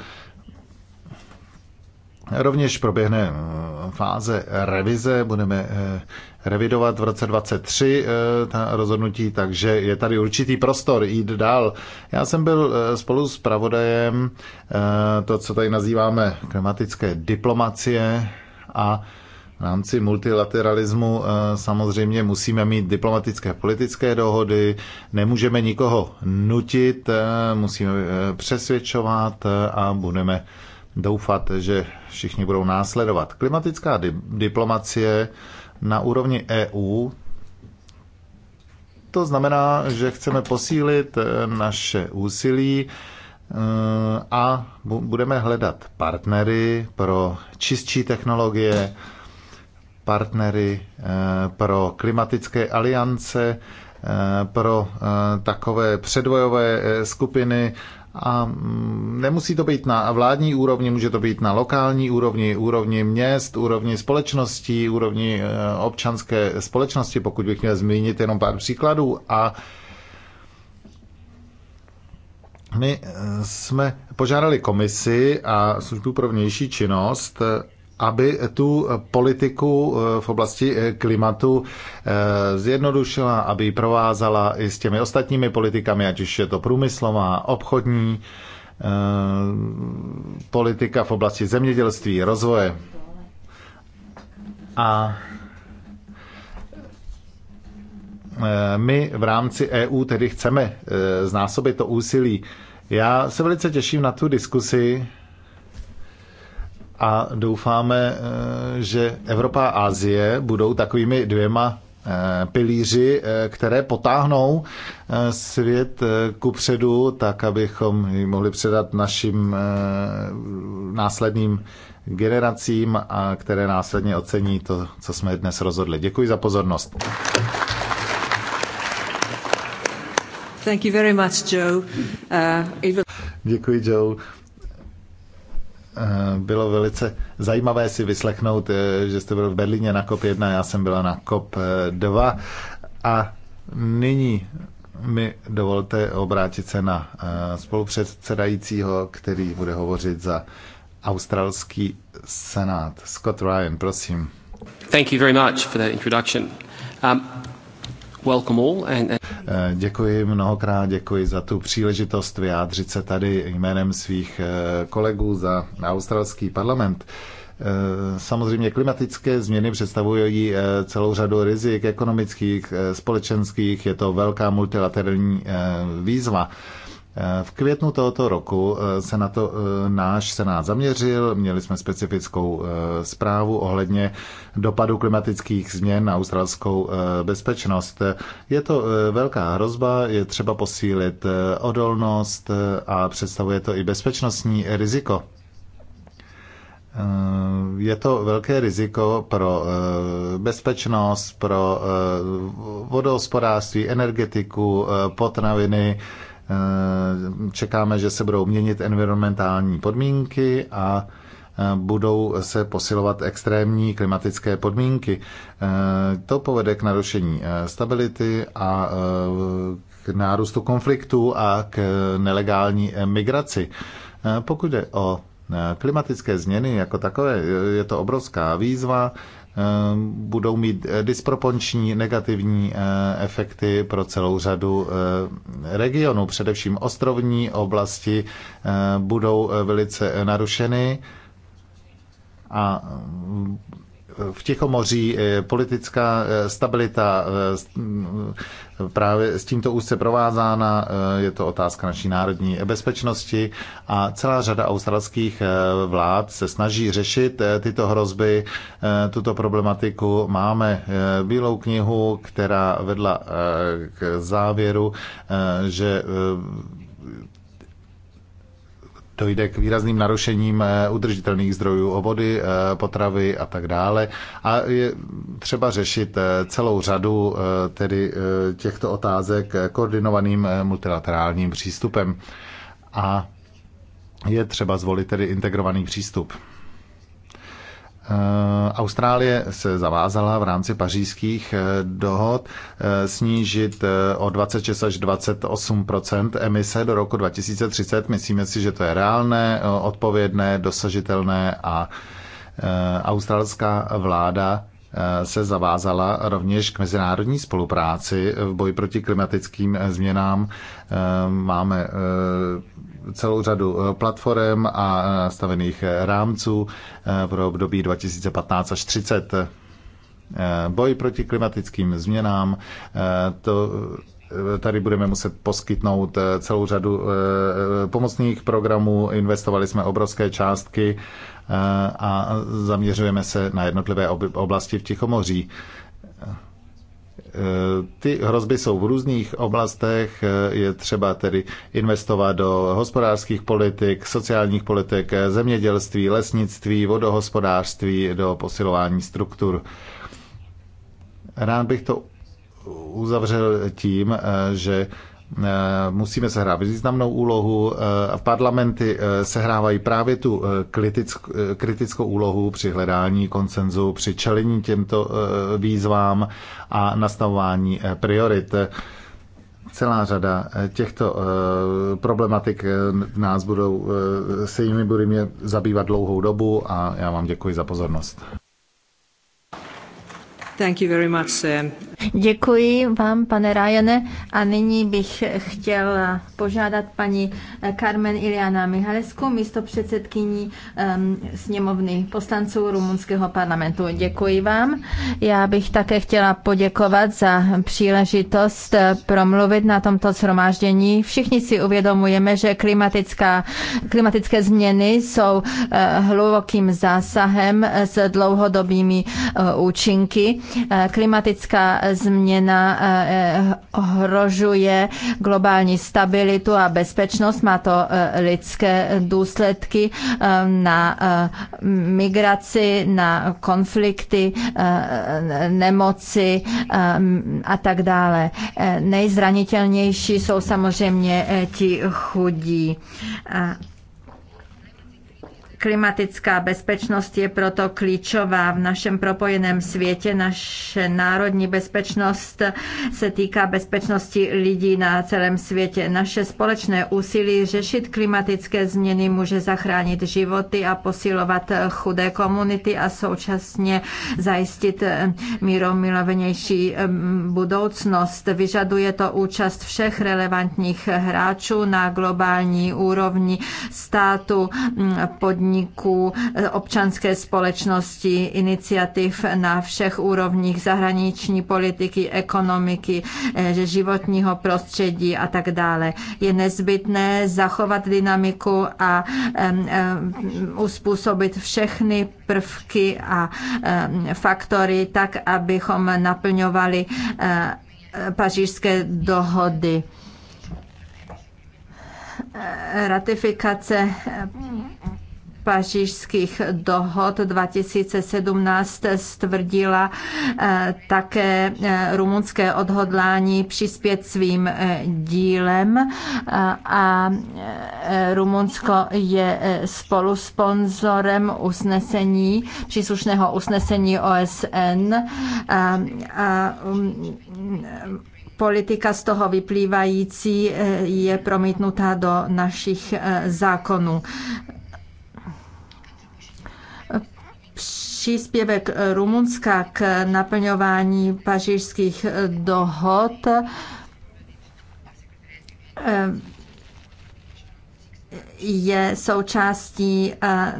Rovněž proběhne eh, fáze revize, budeme eh, revidovat v roce 23 ta rozhodnutí, takže je tady určitý prostor jít dál. Já jsem byl spolu s pravodajem to, co tady nazýváme klimatické diplomacie a v rámci multilateralismu eh, samozřejmě musíme mít diplomatické politické dohody, nemůžeme nikoho nutit, eh, musíme eh, přesvědčovat a budeme doufat, že všichni budou následovat. Klimatická di- diplomacie na úrovni EU to znamená, že chceme posílit naše úsilí a budeme hledat partnery pro čistší technologie, partnery eh, pro klimatické aliance, eh, pro eh, takové předvojové skupiny a mm, nemusí to být na vládní úrovni, může to být na lokální úrovni, úrovni měst, úrovni společností, úrovni občanské společnosti, pokud bych měl zmínit jenom pár příkladů. A my jsme požádali komisi a službu pro vnější činnost, aby tu politiku eh, v oblasti eh, klimatu eh, zjednodušila, aby ji provázala i s těmi ostatními politikami, ať už je to průmyslová, obchodní, politika v oblasti zemědělství, rozvoje. A my v rámci EU tedy chceme znásobit to úsilí. Já se velice těším na tu diskusi, a doufáme, eh, že Evropa a Asie budou takovými dvěma eh, pilíři, eh, které potáhnou svět ku předu, tak abychom ji mohli předat našim následným generacím, a které následně ocení to, co jsme dnes rozhodli. Děkuji za pozornost. Thank you very much, Joe. Uh, it was... Děkuji, Joe. Eh, bylo velice zajímavé si vyslechnout, eh, že jste byl v Berlíně na COP1, já jsem byla na COP2. Eh, A nyní mi dovolte obrátit se na spolupředsedajícího, který bude hovořit za australský senát. Scott Ryan, prosím. Thank you very much for that introduction. Um, welcome all and, and... Eh, děkuji mnohokrát, děkuji za tu příležitost vyjádřit se tady jménem svých eh, kolegů za australský parlament. Eh, samozřejmě klimatické změny představují celou řadu rizik ekonomických, společenských, je to velká multilaterální výzva. V květnu tohoto roku eh, se na to eh, náš senát zaměřil, měli jsme specifickou eh, zprávu ohledně dopadu klimatických změn na australskou bezpečnost. Je to velká hrozba, je třeba posílit odolnost a představuje to i bezpečnostní riziko. Je to velké riziko pro bezpečnost, pro vodohospodářství, energetiku, potraviny, Eh, čekáme, že se budou měnit environmentální podmínky a eh, budou se posilovat extrémní klimatické podmínky. Eh, to povede k narušení stability a k nárůstu konfliktu a k nelegální migraci. Pokud je o klimatické změny jako takové, je to obrovská výzva. Eh, budou mít eh, disproporční negativní eh, efekty pro celou řadu regionů. Především ostrovní oblasti budou velice narušeny a v Tichomoří, politická eh, stabilita eh, právě s tímto úzce provázána, eh, je to otázka naší národní bezpečnosti a celá řada australských vlád se snaží řešit tyto hrozby, tuto problematiku. Máme bílou knihu, která vedla k závěru, že dojde k výrazným narušením eh, udržitelných zdrojů vody, eh, potravy a tak dále. A je třeba řešit eh, celou řadu tedy těchto otázek koordinovaným multilaterálním přístupem. A je třeba zvolit tedy integrovaný přístup. Eh, Austrálie se zavázala v rámci pařížských eh, dohod eh, snížit o 26 až 28 emise do roku 2030. Myslíme si, že to je reálné, odpovědné, dosažitelné a australská vláda se zavázala rovněž k mezinárodní spolupráci v boji proti klimatickým změnám. Máme celou řadu eh, platform a nastavených eh, eh, rámců pro období 2015 až 30. Boj proti klimatickým změnám, to Tady budeme muset poskytnout celou řadu pomocných programů. Investovali jsme obrovské částky a zaměřujeme se na jednotlivé oblasti v Tichomoří. Ty hrozby jsou v různých oblastech, je třeba tedy investovat do hospodářských politik, sociálních politik, zemědělství, lesnictví, vodohospodářství, do posilování struktur. Rád bych to uzavřel tím, že Eh, musíme sehrávat významnou úlohu. Eh, parlamenty eh, sehrávají právě tu kritickou úlohu při hledání koncenzu, při čelení těmto výzvám a nastavování priorit. Celá řada těchto problematik nás budou, se jimi budeme zabývat dlouhou dobu a já vám děkuji za pozornost. Thank you very much. Děkuji vám, pane Rajane, A nyní bych chtěl požádat paní Carmen Iliana Mihalesku, místo předsedkyní um, sněmovny poslanců rumunského parlamentu. Děkuji vám. Já bych také chtěla poděkovat za příležitost eh, promluvit na tomto shromáždění. Všichni si uvědomujeme, že klimatická, klimatické změny jsou uh, hlubokým zásahem s dlouhodobými uh, účinky Eh, klimatická změna eh, ohrožuje globální stabilitu a bezpečnost, má to eh, lidské důsledky na migraci, na konflikty, nemoci a tak dále. Nejzranitelnější jsou samozřejmě ti chudí. Klimatická bezpečnost je proto klíčová v našem propojeném světě. Naše národní bezpečnost se týká bezpečnosti lidí na celém světě. Naše společné úsilí řešit klimatické změny může zachránit životy a posilovat chudé komunity a současně zajistit míromilovenější budoucnost. Vyžaduje to účast všech relevantních hráčů na globální úrovni státu, podniků, podniků, eh, občanské společnosti, iniciativ na všech úrovních zahraniční politiky, ekonomiky, eh, životního prostředí a tak dále. Je nezbytné zachovat dynamiku a uspůsobit všechny prvky a faktory tak, abychom naplňovali eh, pařížské dohody ratifikace pařížských dohod 2017 stvrdila eh, také eh, rumunské odhodlání přispět svým eh, dílem a Rumunsko je spolu sponzorem usnesení, příslušného usnesení OSN a, a um, politika z toho vyplývající je promítnutá do našich zákonů. příspěvek Rumunska k naplňování pařížských dohod je součástí eh,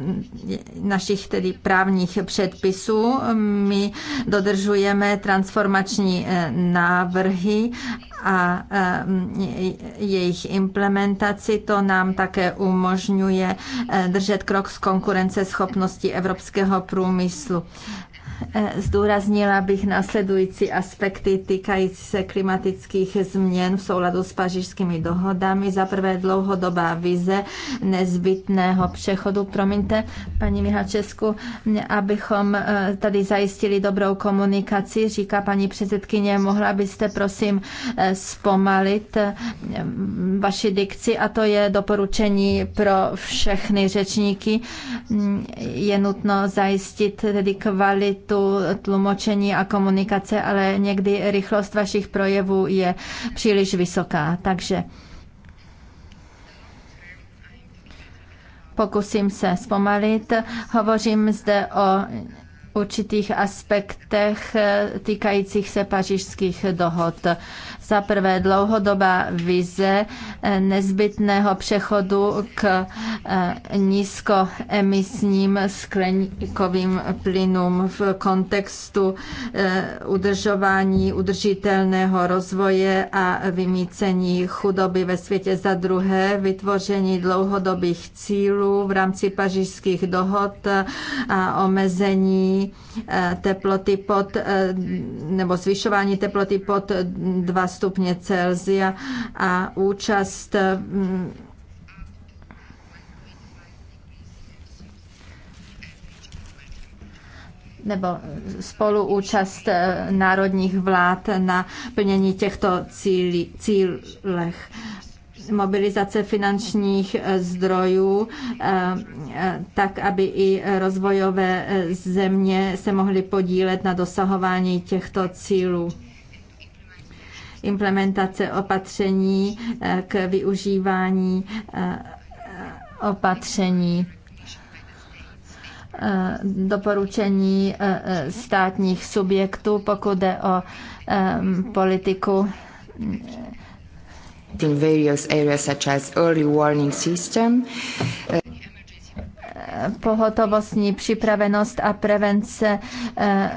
našich tedy právních předpisů. My dodržujeme transformační eh, návrhy a eh, jejich implementaci. To nám také umožňuje eh, držet krok s konkurenceschopností evropského průmyslu. Eh, zdůraznila bych následující aspekty týkající se klimatických změn v souladu s pařížskými dohodami. Za prvé dlouhodobá vize nezbytného přechodu, promiňte, paní Mihalčesku, abychom eh, tady zajistili dobrou komunikaci, říká paní předsedkyně, mohla byste prosím eh, zpomalit vaši dikci a to je doporučení pro všechny řečníky. Mm, je nutno zajistit tedy kvalitu kvalitu tlumočení a komunikace, ale někdy rychlost vašich projevů je příliš vysoká. Takže pokusím se zpomalit. Hovořím zde o určitých aspektech týkajících se pařížských dohod. Za prvé dlouhodobá vize eh, nezbytného přechodu k eh, nízkoemisním skleníkovým plynům v kontextu eh, udržování udržitelného rozvoje a vymícení chudoby ve světě. Za druhé vytvoření dlouhodobých cílů v rámci pařížských dohod a omezení teploty pod nebo zvyšování teploty pod 2 stupně Celsia a účast mm, nebo spoluúčast eh, národních vlád na plnění těchto cílí, cílech mobilizace finančních eh, zdrojů, eh, tak aby i rozvojové země se mohly podílet na dosahování těchto cílů implementace opatření eh, k využívání eh, opatření eh, doporučení státních subjektů, pokud jde o politiku in various areas such as early warning system pohotovostní připravenost a prevence eh,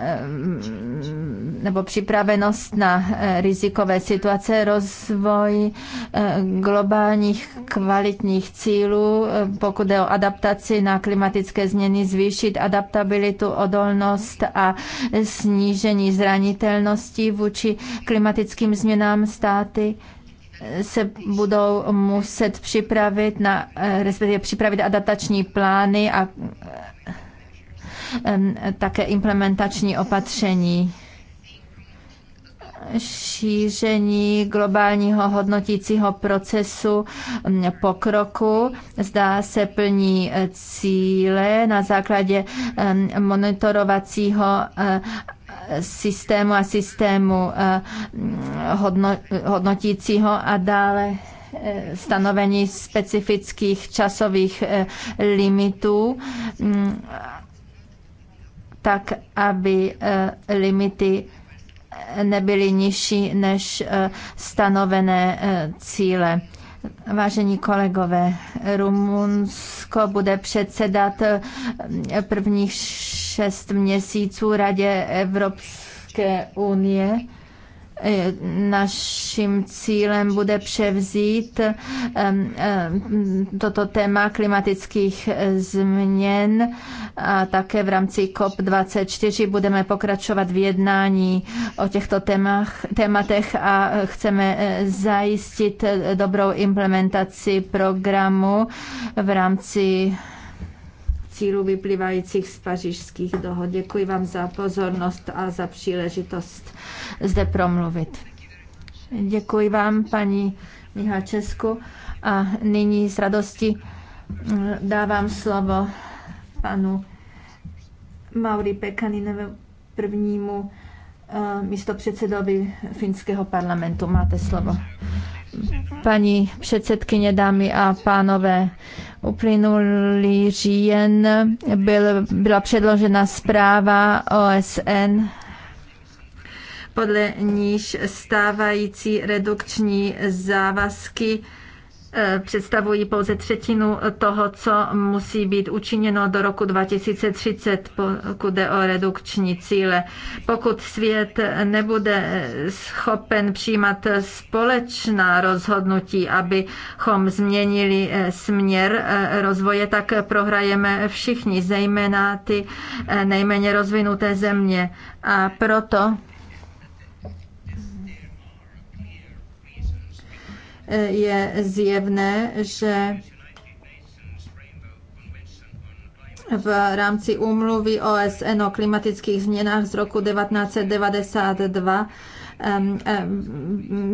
nebo připravenost na eh, rizikové situace, rozvoj eh, globálních kvalitních cílů, pokud jde o adaptaci na klimatické změny, zvýšit adaptabilitu, odolnost a snížení zranitelnosti vůči klimatickým změnám státy se budou muset připravit na, eh, respektive připravit adaptační plány a eh, eh, také implementační opatření šíření globálního hodnotícího procesu mm, pokroku. Zdá se plní cíle na základě mm, monitorovacího systému a systému eh, hodnotícího a dále eh, stanovení specifických časových eh, limitů mm, tak, aby limity nebyly nižší než stanovené cíle Vážení kolegové, Rumunsko bude předsedat eh, prvních šest měsíců Radě Evropské unie E, naším cílem bude převzít e, e, toto téma klimatických změn a také v rámci COP24 budeme pokračovat v jednání o těchto témach, tématech a chceme zajistit dobrou implementaci programu v rámci cílů vyplývajících z pařížských dohod. Děkuji vám za pozornost a za příležitost zde promluvit. Děkuji vám, paní Miha Česku. A nyní s radostí mm, dávám slovo panu Mauri Pekaninovi prvnímu eh, místopředsedovi finského parlamentu. Máte slovo. Paní předsedkyně, dámy a pánové, uplynulý říjen byl, byla předložena zpráva OSN podle níž stávající redukční závazky E, představují pouze třetinu toho, co musí být učiněno do roku 2030, pokud jde o redukční cíle. Pokud svět nebude schopen přijímat společná rozhodnutí, abychom změnili e, směr e, rozvoje, tak prohrajeme všichni, zejména ty nejméně rozvinuté země. A proto je zjevné, že v rámci úmluvy OSN o klimatických změnách z roku 1992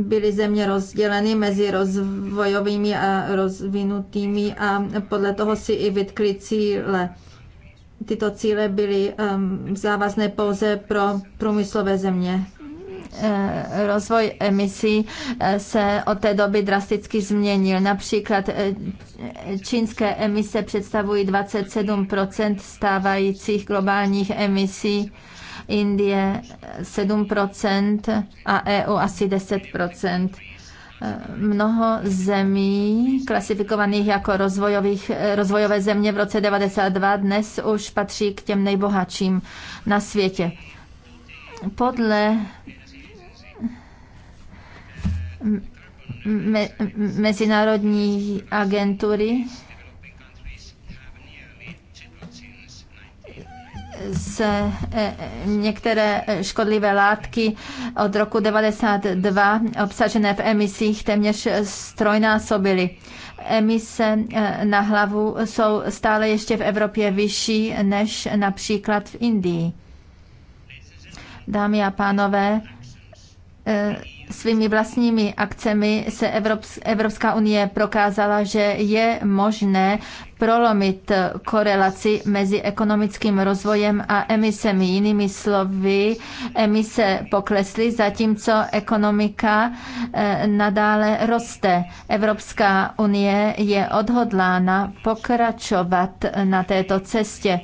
byly země rozděleny mezi rozvojovými a rozvinutými a podle toho si i vytkli cíle. Tyto cíle byly závazné pouze pro průmyslové země. Eh, rozvoj emisí eh, se od té doby drasticky změnil. Například eh, čínské emise představují 27 stávajících globálních emisí, Indie 7 a EU asi 10 mnoho zemí klasifikovaných jako rozvojových, rozvojové země v roce 92 dnes už patří k těm nejbohatším na světě. Podle me, mezinárodní agentury se e, některé škodlivé látky od roku 92 obsažené v emisích téměř strojnásobily. Emise e, na hlavu jsou stále ještě v Evropě vyšší než například v Indii. Dámy a pánové, E, svými vlastními akcemi se Evropská unie prokázala, že je možné prolomit korelaci mezi ekonomickým rozvojem a emisemi. Jinými slovy, emise poklesly, zatímco ekonomika e, nadále roste. Evropská unie je odhodlána pokračovat na této cestě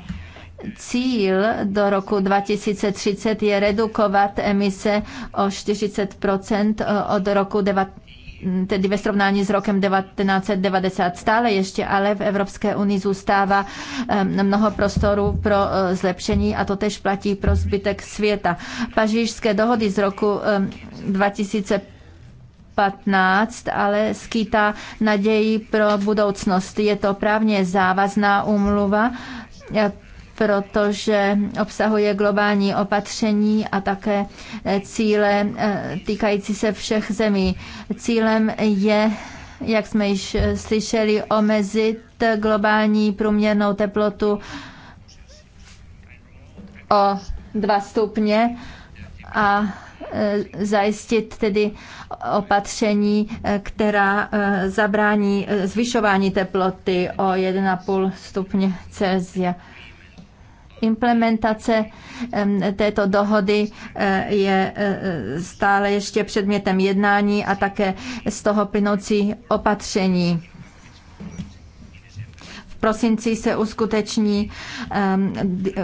cíl do roku 2030 je redukovat emise o 40 od roku 19 tedy ve srovnání s rokem 1990 stále ještě, ale v Evropské unii zůstává mnoho prostoru pro e, zlepšení a to tež platí pro zbytek světa. Pařížské dohody z roku 2015 ale skýtá naději pro budoucnost. Je to právně závazná úmluva, e, protože obsahuje globální opatření a také eh, cíle eh, týkající se všech zemí. Cílem je jak jsme již eh, slyšeli, omezit globální průměrnou teplotu o 2 stupně a zajistit tedy opatření, která zabrání zvyšování teploty o 1,5 stupně Celsia. Implementace této dohody eh, je eh, stále ještě předmětem jednání a také z toho plynoucí opatření prosinci se uskuteční ehm, e,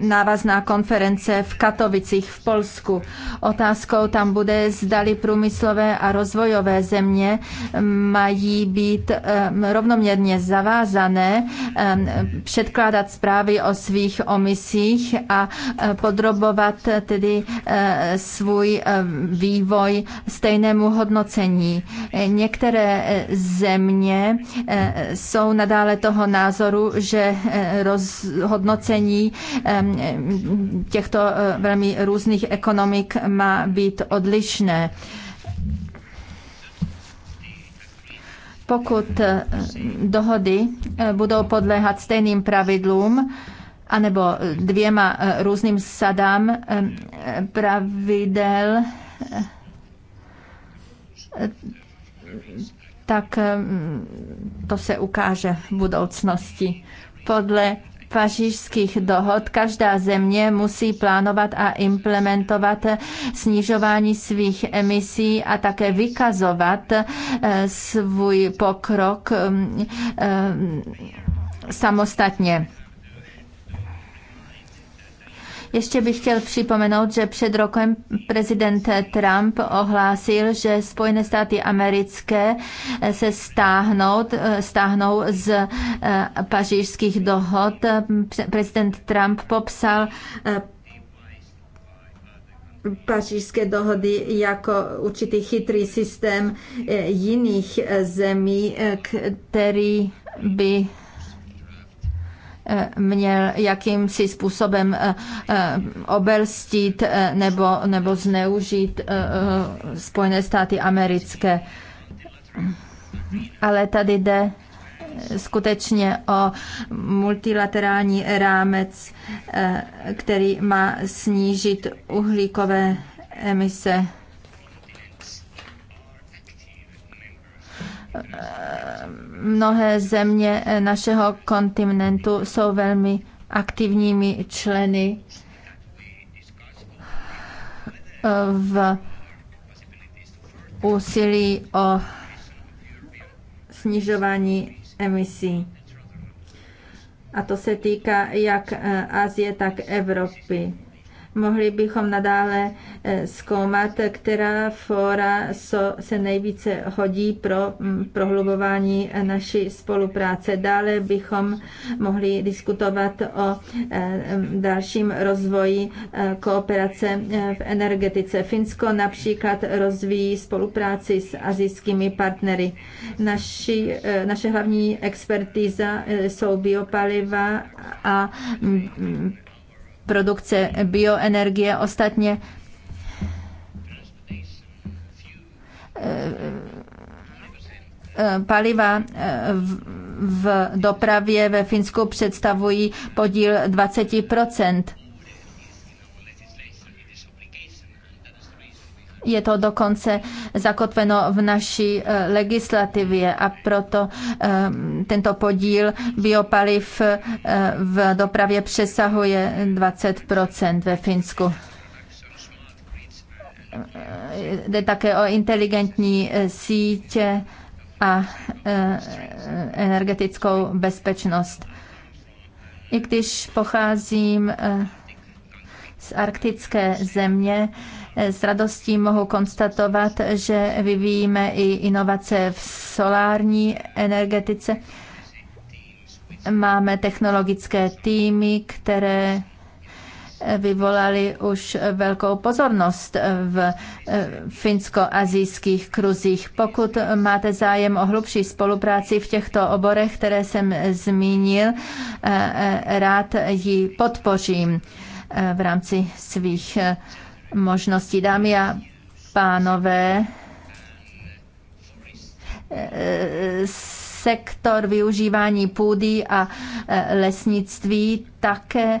návazná konference v Katovicích v Polsku. Otázkou tam bude, zdali průmyslové a rozvojové země ehm, mají být ehm, rovnoměrně zavázané předkládat zprávy o svých omisích a e, podrobovat tedy e, svůj vývoj stejnému hodnocení. Některé země jsou nadále toho názoru, že eh, rozhodnocení těchto eh, velmi různých ekonomik má být odlišné. Pokud eh, dohody budou podléhat stejným pravidlům, anebo dvěma různým sadám pravidel, tak eh, to se ukáže v budoucnosti. Podle pařížských dohod každá země musí plánovat a implementovat eh, snižování svých emisí a také vykazovat eh, svůj pokrok mm, samostatně. Ještě bych chtěl připomenout, že před rokem prezident Trump ohlásil, že Spojené státy americké se stáhnou, stáhnou z eh, pařížských dohod. Prezident Trump popsal eh, pařížské dohody jako určitý chytrý systém eh, jiných zemí, který by měl jakýmsi způsobem eh, eh, obelstít eh, nebo, nebo zneužít Spojené státy americké. Ale tady jde skutečně o multilaterální rámec, který má snížit uhlíkové emise Eh, mnohé země eh, našeho kontinentu jsou velmi aktivními členy eh, v úsilí o snižování emisí. A to se týká jak Asie, tak Evropy. Mohli bychom nadále eh, zkoumat, která fóra se nejvíce hodí pro mm, prohlubování eh, naší spolupráce. Dále bychom mohli diskutovat o eh, dalším rozvoji kooperace v energetice. Finsko například rozvíjí spolupráci s azijskými partnery. Naši, naše hlavní expertíza jsou biopaliva a mm, mm, produkce bioenergie. Ostatně eh, eh, paliva eh, v dopravě ve Finsku představují podíl 20 Je to dokonce zakotveno v naší eh, legislativě a proto eh, tento podíl biopaliv eh, v dopravě přesahuje 20 ve Finsku jde také o inteligentní sítě a energetickou bezpečnost. I když pocházím z arktické země, s radostí mohu konstatovat, že vyvíjíme i inovace v solární energetice. Máme technologické týmy, které vyvolali už velkou pozornost v eh, finsko-azijských kruzích. Pokud máte zájem o hlubší spolupráci v těchto oborech, které jsem zmínil, eh, eh, rád ji podpořím v rámci svých Možnosti Dámy a pánové, sektor využívání půdy a e, lesnictví také e,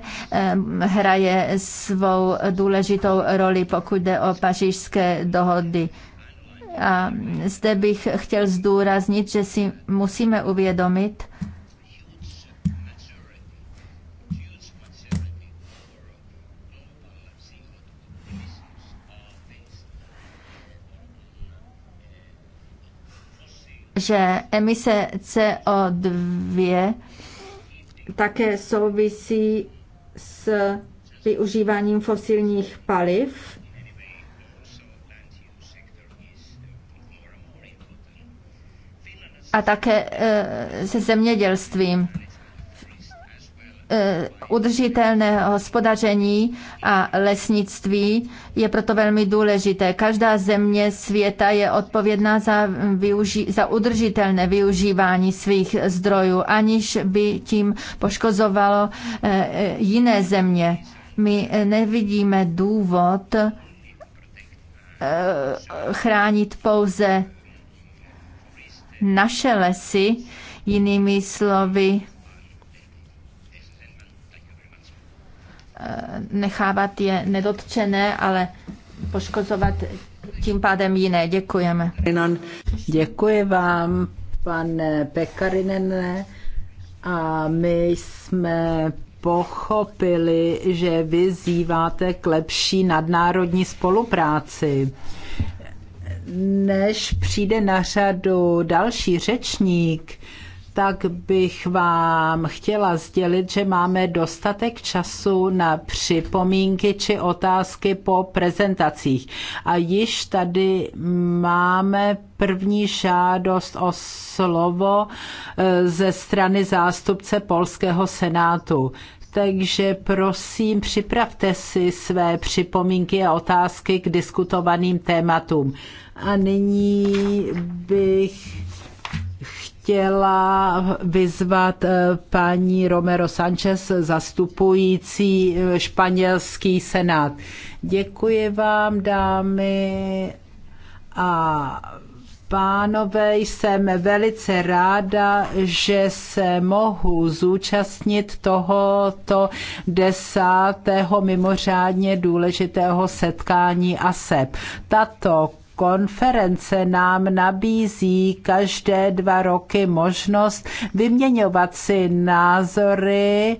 hraje svou důležitou roli, pokud jde o pařížské dohody. A zde bych chtěl zdůraznit, že si musíme uvědomit, že emise CO2 také souvisí s využíváním fosilních paliv. A také eh, se zemědělstvím. Eh, udržitelné hospodaření a lesnictví je proto velmi důležité. Každá země světa je odpovědná za, využi- za udržitelné využívání svých zdrojů, aniž by tím poškozovalo eh, jiné země. My nevidíme důvod eh, chránit pouze naše lesy, jinými slovy, Eh, nechávat je nedotčené, ale poškozovat tím pádem jiné. Děkujeme. Děkuji vám, pane Pekarinene. A my jsme pochopili, že vyzýváte k lepší nadnárodní spolupráci. Než přijde na řadu další řečník, tak bych vám chtěla sdělit, že máme dostatek času na připomínky či otázky po prezentacích. A již tady máme první žádost o slovo eh, ze strany zástupce Polského senátu. Takže prosím, připravte si své připomínky a otázky k diskutovaným tématům. A nyní bych chtěla vyzvat eh, paní Romero Sanchez, zastupující eh, španělský senát. Děkuji vám, dámy a pánové, jsem velice ráda, že se mohu zúčastnit tohoto desátého mimořádně důležitého setkání ASEP. Tato konference nám nabízí každé dva roky možnost vyměňovat si názory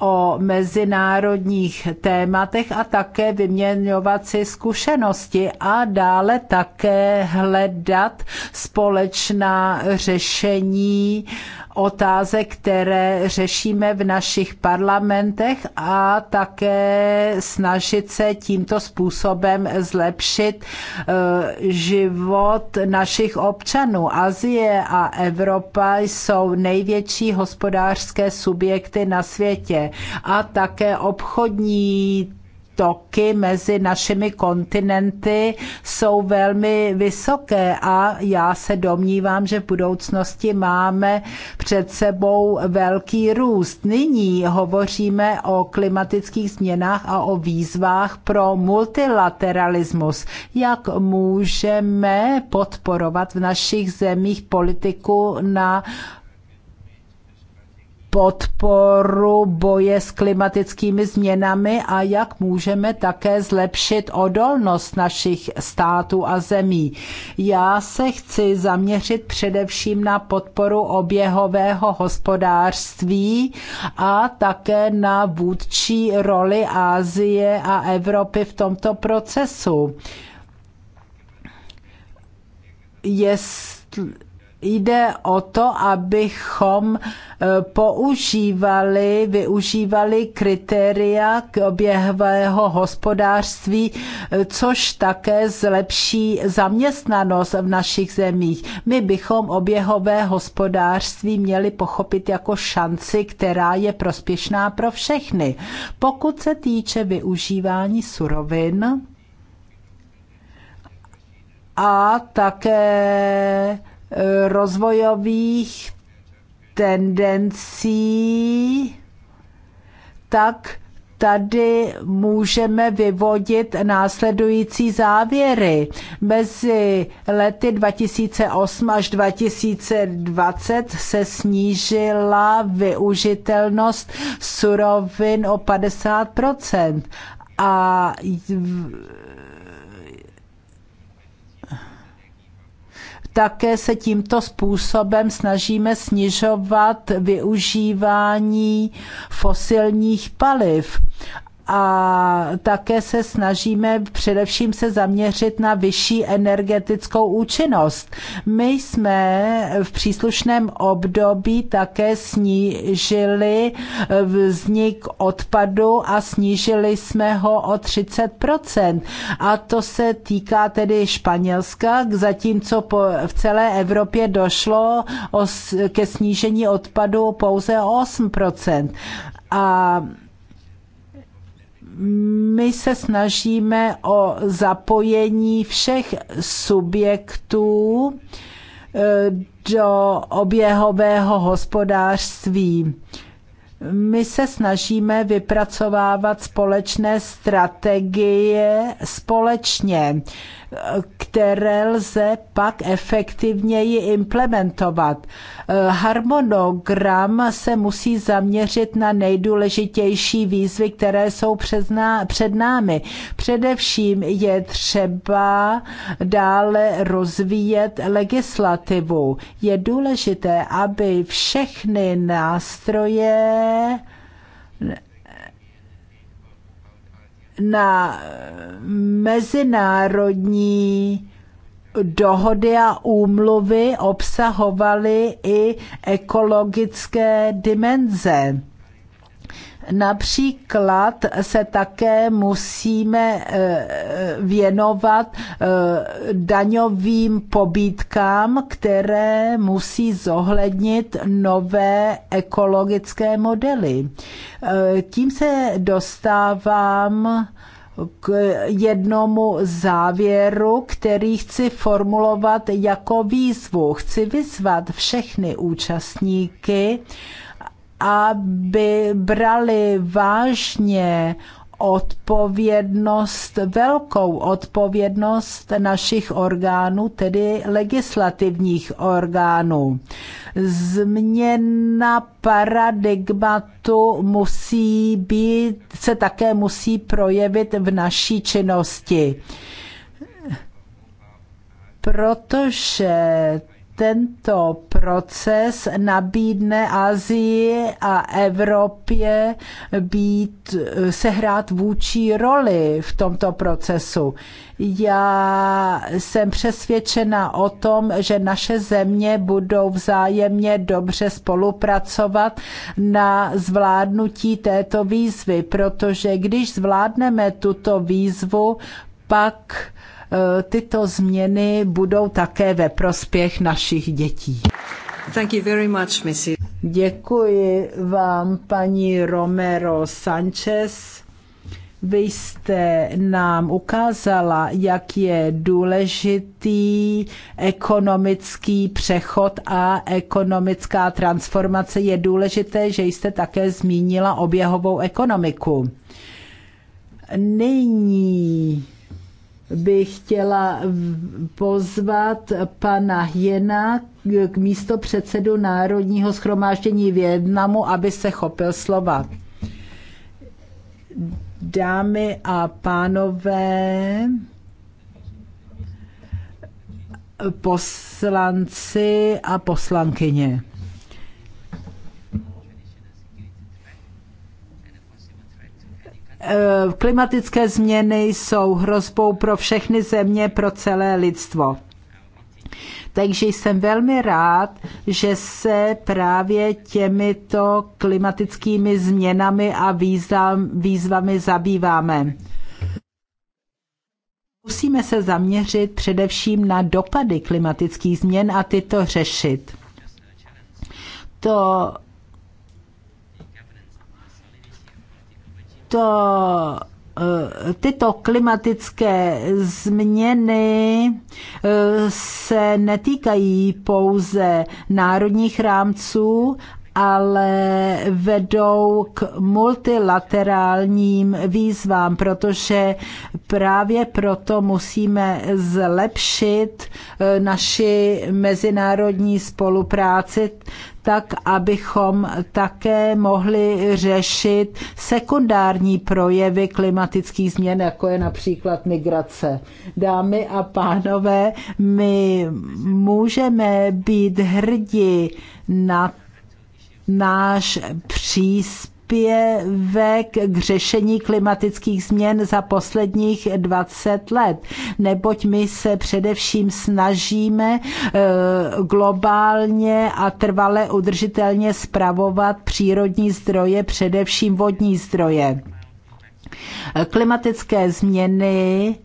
o mezinárodních tématech a také vyměňovat si zkušenosti a dále také hledat společná řešení otázek, které řešíme v našich parlamentech a také snažit se tímto způsobem zlepšit eh, život našich občanů. Azie a Evropa jsou největší hospodářské subjekty na světě a také obchodní toky mezi našimi kontinenty jsou velmi vysoké a já se domnívám, že v budoucnosti máme před sebou velký růst. Nyní hovoříme o klimatických změnách a o výzvách pro multilateralismus. Jak můžeme podporovat v našich zemích politiku na podporu boje s klimatickými změnami a jak můžeme také zlepšit odolnost našich států a zemí. Já se chci zaměřit především na podporu oběhového hospodářství a také na vůdčí roli Asie a Evropy v tomto procesu. Jestli jde o to, abychom e, používali, využívali kritéria k oběhového hospodářství, e, což také zlepší zaměstnanost v našich zemích. My bychom oběhové hospodářství měli pochopit jako šanci, která je prospěšná pro všechny. Pokud se týče využívání surovin a také rozvojových tendencí, tak tady můžeme vyvodit následující závěry. Mezi lety 2008 až 2020 se snížila využitelnost surovin o 50 a Také se tímto způsobem snažíme snižovat využívání fosilních paliv a také se snažíme především se zaměřit na vyšší energetickou účinnost. My jsme v příslušném období také snížili vznik odpadu a snížili jsme ho o 30%. A to se týká tedy Španělska, zatímco v celé Evropě došlo ke snížení odpadu pouze o 8%. A my se snažíme o zapojení všech subjektů eh, do oběhového hospodářství. My se snažíme vypracovávat společné strategie společně které lze pak efektivněji implementovat. Harmonogram se musí zaměřit na nejdůležitější výzvy, které jsou před námi. Především je třeba dále rozvíjet legislativu. Je důležité, aby všechny nástroje na mezinárodní dohody a úmluvy obsahovaly i ekologické dimenze. Například se také musíme eh, věnovat eh, daňovým pobídkám, které musí zohlednit nové ekologické modely. Eh, tím se dostávám k jednomu závěru, který chci formulovat jako výzvu. Chci vyzvat všechny účastníky, aby brali vážně odpovědnost, velkou odpovědnost našich orgánů, tedy legislativních orgánů. Změna paradigmatu musí být, se také musí projevit v naší činnosti. Protože tento proces nabídne Asii a Evropě být, sehrát vůči roli v tomto procesu. Já jsem přesvědčena o tom, že naše země budou vzájemně dobře spolupracovat na zvládnutí této výzvy, protože když zvládneme tuto výzvu, pak Eh, tyto změny budou také ve prospěch našich dětí. Thank you very much, Missy. Děkuji vám, paní Romero Sanchez. Vy jste nám ukázala, jak je důležitý ekonomický přechod a ekonomická transformace. Je důležité, že jste také zmínila oběhovou ekonomiku. Nyní bych chtěla pozvat pana Jena k místo předsedu Národního schromáždění Větnamu, aby se chopil slova. Dámy a pánové, poslanci a poslankyně. Eh, klimatické změny jsou hrozbou pro všechny země, pro celé lidstvo. Takže jsem velmi rád, že se právě těmito klimatickými změnami a výzvami zabýváme. Musíme se zaměřit především na dopady klimatických změn a tyto řešit. To tyto eh, tyto klimatické změny eh, se netýkají pouze národních rámců, ale vedou k multilaterálním výzvám, protože právě proto musíme zlepšit eh, naši mezinárodní spolupráci tak, abychom také mohli řešit sekundární projevy klimatických změn, jako je například migrace. Dámy a pánové, my můžeme být hrdí na náš příspěvek k řešení klimatických změn za posledních 20 let, neboť my se především snažíme eh, globálně a trvale udržitelně spravovat přírodní zdroje, především vodní zdroje. Klimatické změny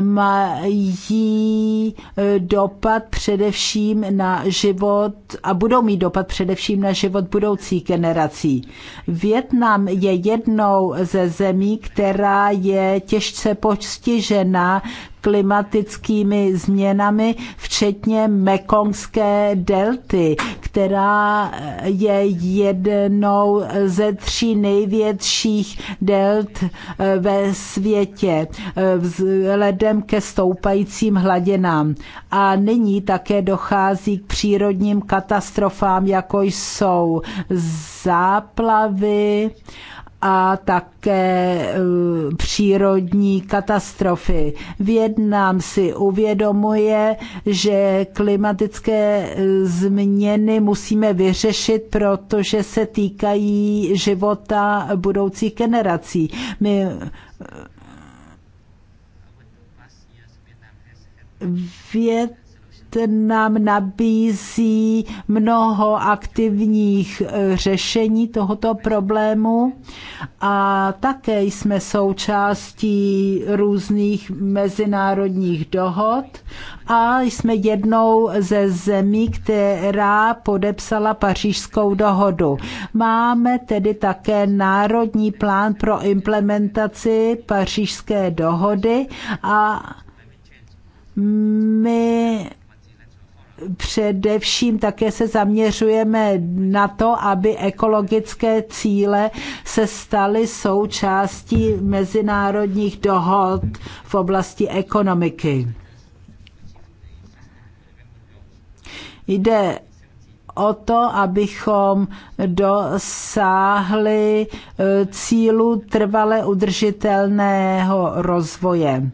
mají eh, dopad především na život a budou mít dopad především na život budoucích generací. Větnam je jednou ze zemí, která je těžce postižena klimatickými změnami, včetně Mekongské delty, která je jednou ze tří největších delt eh, ve světě eh, vzhledem ke stoupajícím hladinám. A nyní také dochází k přírodním katastrofám, jako jsou záplavy, a také eh, přírodní katastrofy. Vietnam si uvědomuje, že klimatické eh, změny musíme vyřešit, protože se týkají života budoucích generací. My eh, Vět nám nabízí mnoho aktivních eh, řešení tohoto problému a také jsme součástí různých mezinárodních dohod a jsme jednou ze zemí, která podepsala pařížskou dohodu. Máme tedy také národní plán pro implementaci pařížské dohody a my především také se zaměřujeme na to, aby ekologické cíle se staly součástí mezinárodních dohod v oblasti ekonomiky. Jde o to, abychom dosáhli eh, cílu trvale udržitelného rozvoje.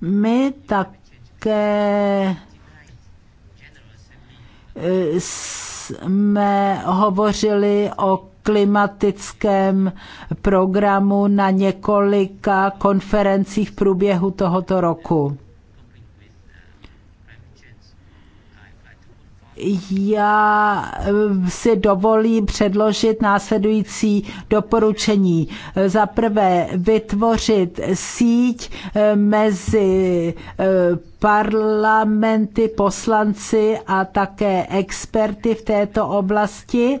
My také e, jsme hovořili o klimatickém programu na několika konferencích v průběhu tohoto roku. já eh, si dovolím předložit následující doporučení. Eh, za prvé, vytvořit síť eh, mezi parlamenty, poslanci a také experty v této oblasti,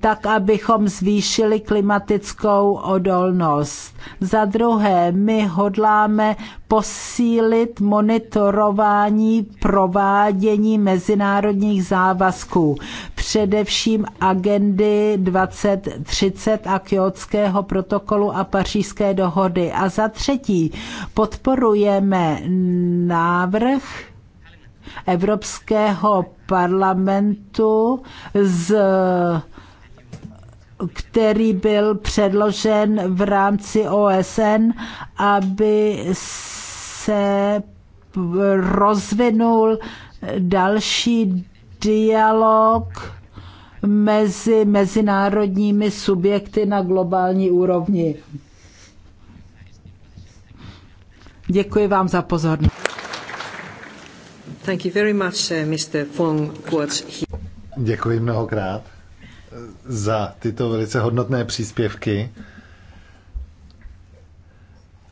tak abychom zvýšili klimatickou odolnost. Za druhé, my hodláme posílit monitorování provádění mezinárodních závazků především agendy 2030 a Kyotského protokolu a pařížské dohody. A za třetí podporujeme návrh Evropského parlamentu z který byl předložen v rámci OSN, aby se rozvinul další dialog mezi mezinárodními subjekty na globální úrovni. Děkuji vám za pozornost. Thank you very much, uh, Mr. Fong, Děkuji mnohokrát za tyto velice hodnotné příspěvky.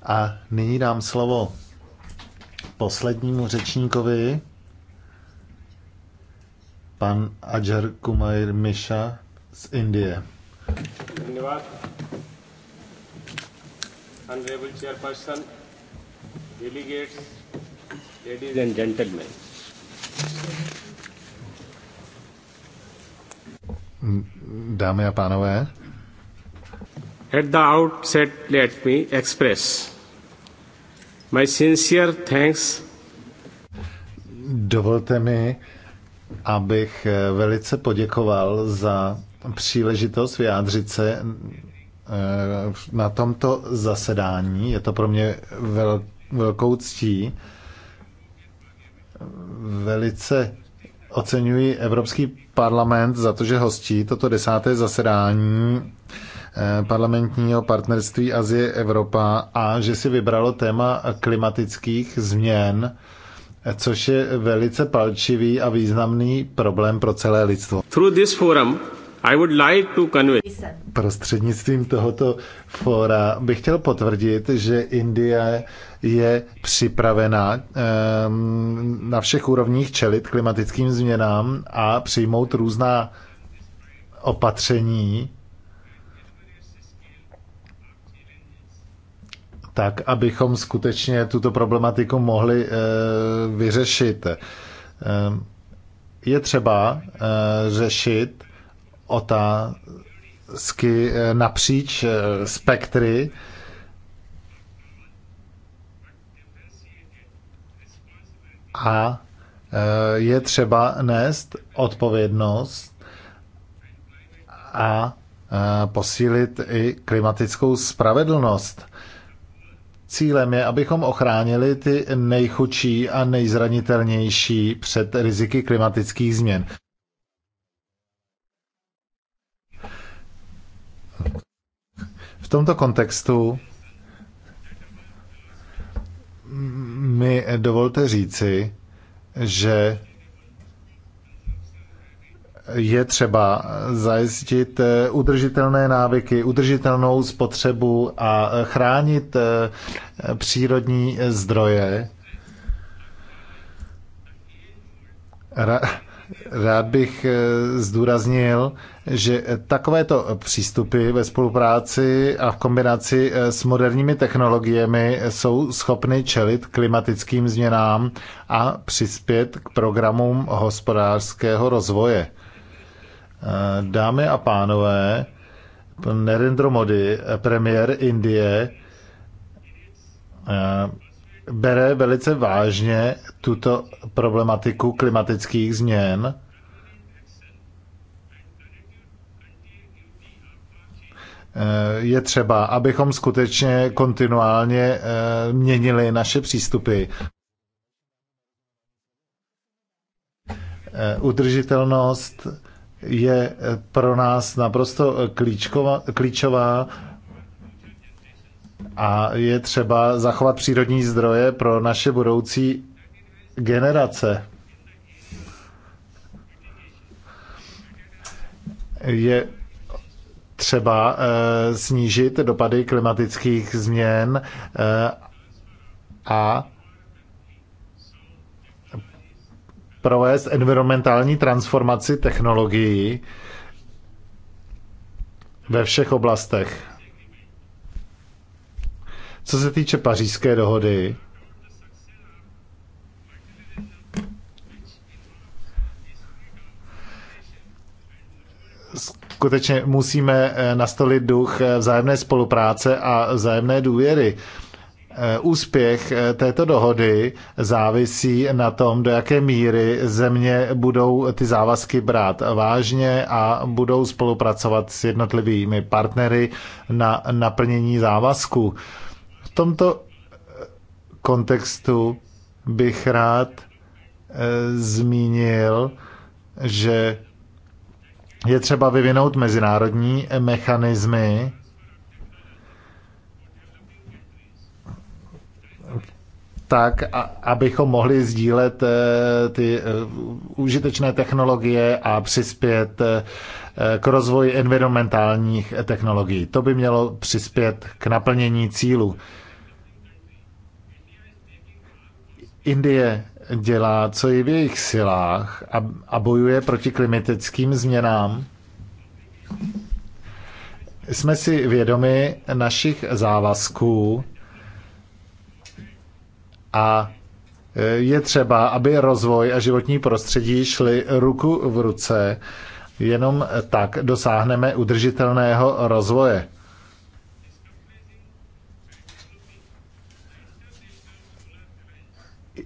A nyní dám slovo poslednímu řečníkovi, pan Ajar Kumair Misha z Indie. honorable chairperson delegates ladies and gentlemen Dámy a pánové, At the outset, let me express my sincere thanks. Dovolte mi abych eh, velice poděkoval za příležitost vyjádřit se eh, na tomto zasedání. Je to pro mě velkou ctí. Velice oceňuji Evropský parlament za to, že hostí toto desáté zasedání eh, parlamentního partnerství Azie Evropa a že si vybralo téma klimatických změn což je velice palčivý a významný problém pro celé lidstvo. Through this forum, I would like to convey. Prostřednictvím tohoto fora bych chtěl potvrdit, že Indie je připravena um, na všech úrovních čelit klimatickým změnám a přijmout různá opatření, tak abychom skutečně tuto problematiku mohli eh, vyřešit. Eh, je třeba eh, řešit otázky napříč spektry, a je třeba nést odpovědnost a posílit i klimatickou spravedlnost. Cílem je, abychom ochránili ty nejchudší a nejzranitelnější před riziky klimatických změn. V tomto kontextu mi dovolte říci, že je třeba zajistit eh, udržitelné návyky, udržitelnou spotřebu a chránit eh, přírodní zdroje. Rád bych eh, zdůraznil, že takovéto přístupy ve spolupráci a v kombinaci s moderními technologiemi jsou schopny čelit klimatickým změnám a přispět k programům hospodářského rozvoje. Dámy a pánové, pan Narendra Modi, premiér Indie, eh, bere velice vážně tuto problematiku klimatických změn. Eh, je třeba, abychom skutečně kontinuálně eh, měnili naše přístupy. Udržitelnost je pro nás naprosto klíčková, klíčová a je třeba zachovat přírodní zdroje pro naše budoucí generace. Je třeba eh, snížit dopady klimatických změn eh, a provést environmentální transformaci technologií ve všech oblastech. Co se týče pařížské dohody, skutečně musíme eh, nastolit duch eh, vzájemné spolupráce a vzájemné důvěry. Eh, úspěch eh, této dohody závisí na tom, do jaké míry země budou ty závazky brát vážně a budou spolupracovat s jednotlivými partnery na naplnění závazků. V tomto eh, kontextu bych rád zmínil, že je třeba vyvinout mezinárodní mechanismy, tak, a, abychom mohli sdílet eh, ty eh, užitečné technologie a přispět eh, k rozvoji environmentálních technologií. To by mělo přispět k naplnění cílu. Indie dělá, co je v jejich silách a, a bojuje proti klimatickým změnám. Jsme si vědomi našich závazků a e, je třeba, aby rozvoj a životní prostředí šly ruku v ruce. Jenom tak dosáhneme udržitelného rozvoje.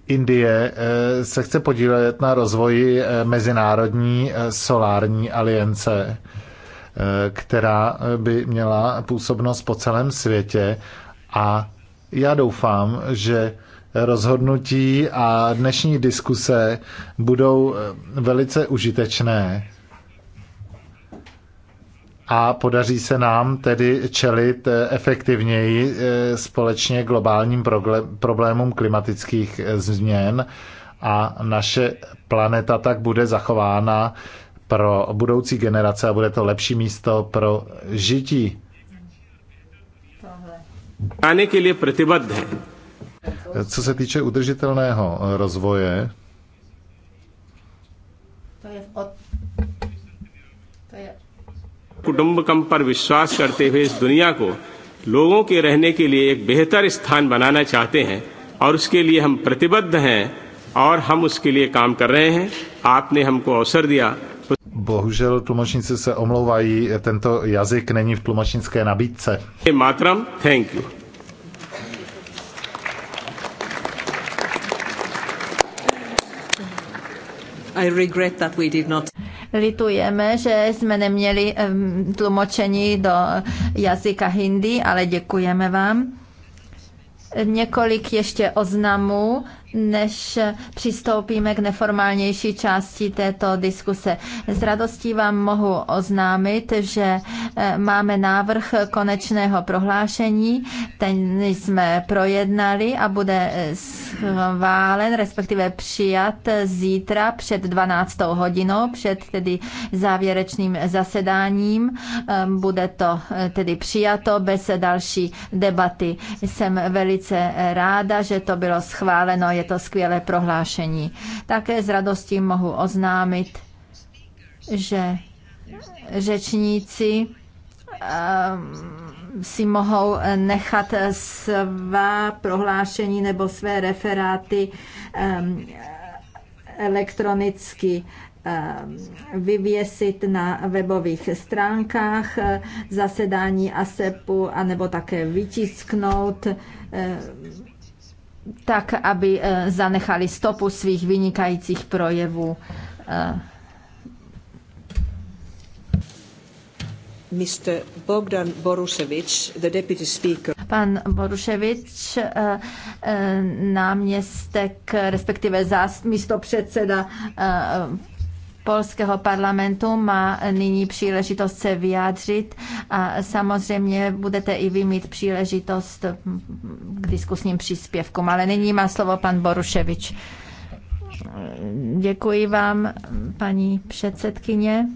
Indie e, se chce podílet na rozvoji e, Mezinárodní solární aliance, která by měla působnost po celém světě a já doufám, že rozhodnutí a dnešní diskuse budou eh, velice užitečné a podaří se nám tedy čelit eh, efektivněji eh, společně globálním problémům klimatických změn a naše planeta tak bude zachována pro budoucí generace a bude to lepší místo pro žití. Tohle. Co se týče udržitelného rozvoje, to je, od... कुटुंबकम पर विश्वास करते हुए इस दुनिया को लोगों के रहने के लिए एक बेहतर स्थान बनाना चाहते हैं और उसके लिए हम प्रतिबद्ध हैं और हम उसके लिए काम कर रहे हैं आपने हमको अवसर दिया बहुजल Bohužel से ओमलोवाई तंतो याजिक नहीं není के नाबित से Matram, thank you I regret that we did not. Litujeme, že jsme neměli tlumočení do jazyka hindi, ale děkujeme vám. Několik ještě oznamů než přistoupíme k neformálnější části této diskuse. S radostí vám mohu oznámit, že eh, máme návrh konečného prohlášení, ten jsme projednali a bude eh, schválen, respektive přijat eh, zítra před 12. hodinou, před tedy závěrečným zasedáním. Ehm, bude to tedy přijato bez další debaty. Jsem velice ráda, že to bylo schváleno. Je to skvělé prohlášení. Také s radostí mohu oznámit, že řečníci ehm, si mohou nechat svá prohlášení nebo své referáty ehm, elektronicky ehm, vyvěsit na webových stránkách eh, zasedání ASEPu, anebo také vytisknout tak, aby eh, zanechali stopu svých vynikajících projevů. Eh, Mr. Bogdan Boruševič, the deputy speaker. Pan Boruševič, eh, náměstek, respektive místo předseda polského parlamentu má nyní příležitost se vyjádřit a samozřejmě budete i vy mít příležitost k diskusním příspěvkům. Ale nyní má slovo pan Boruševič. Děkuji vám, paní předsedkyně.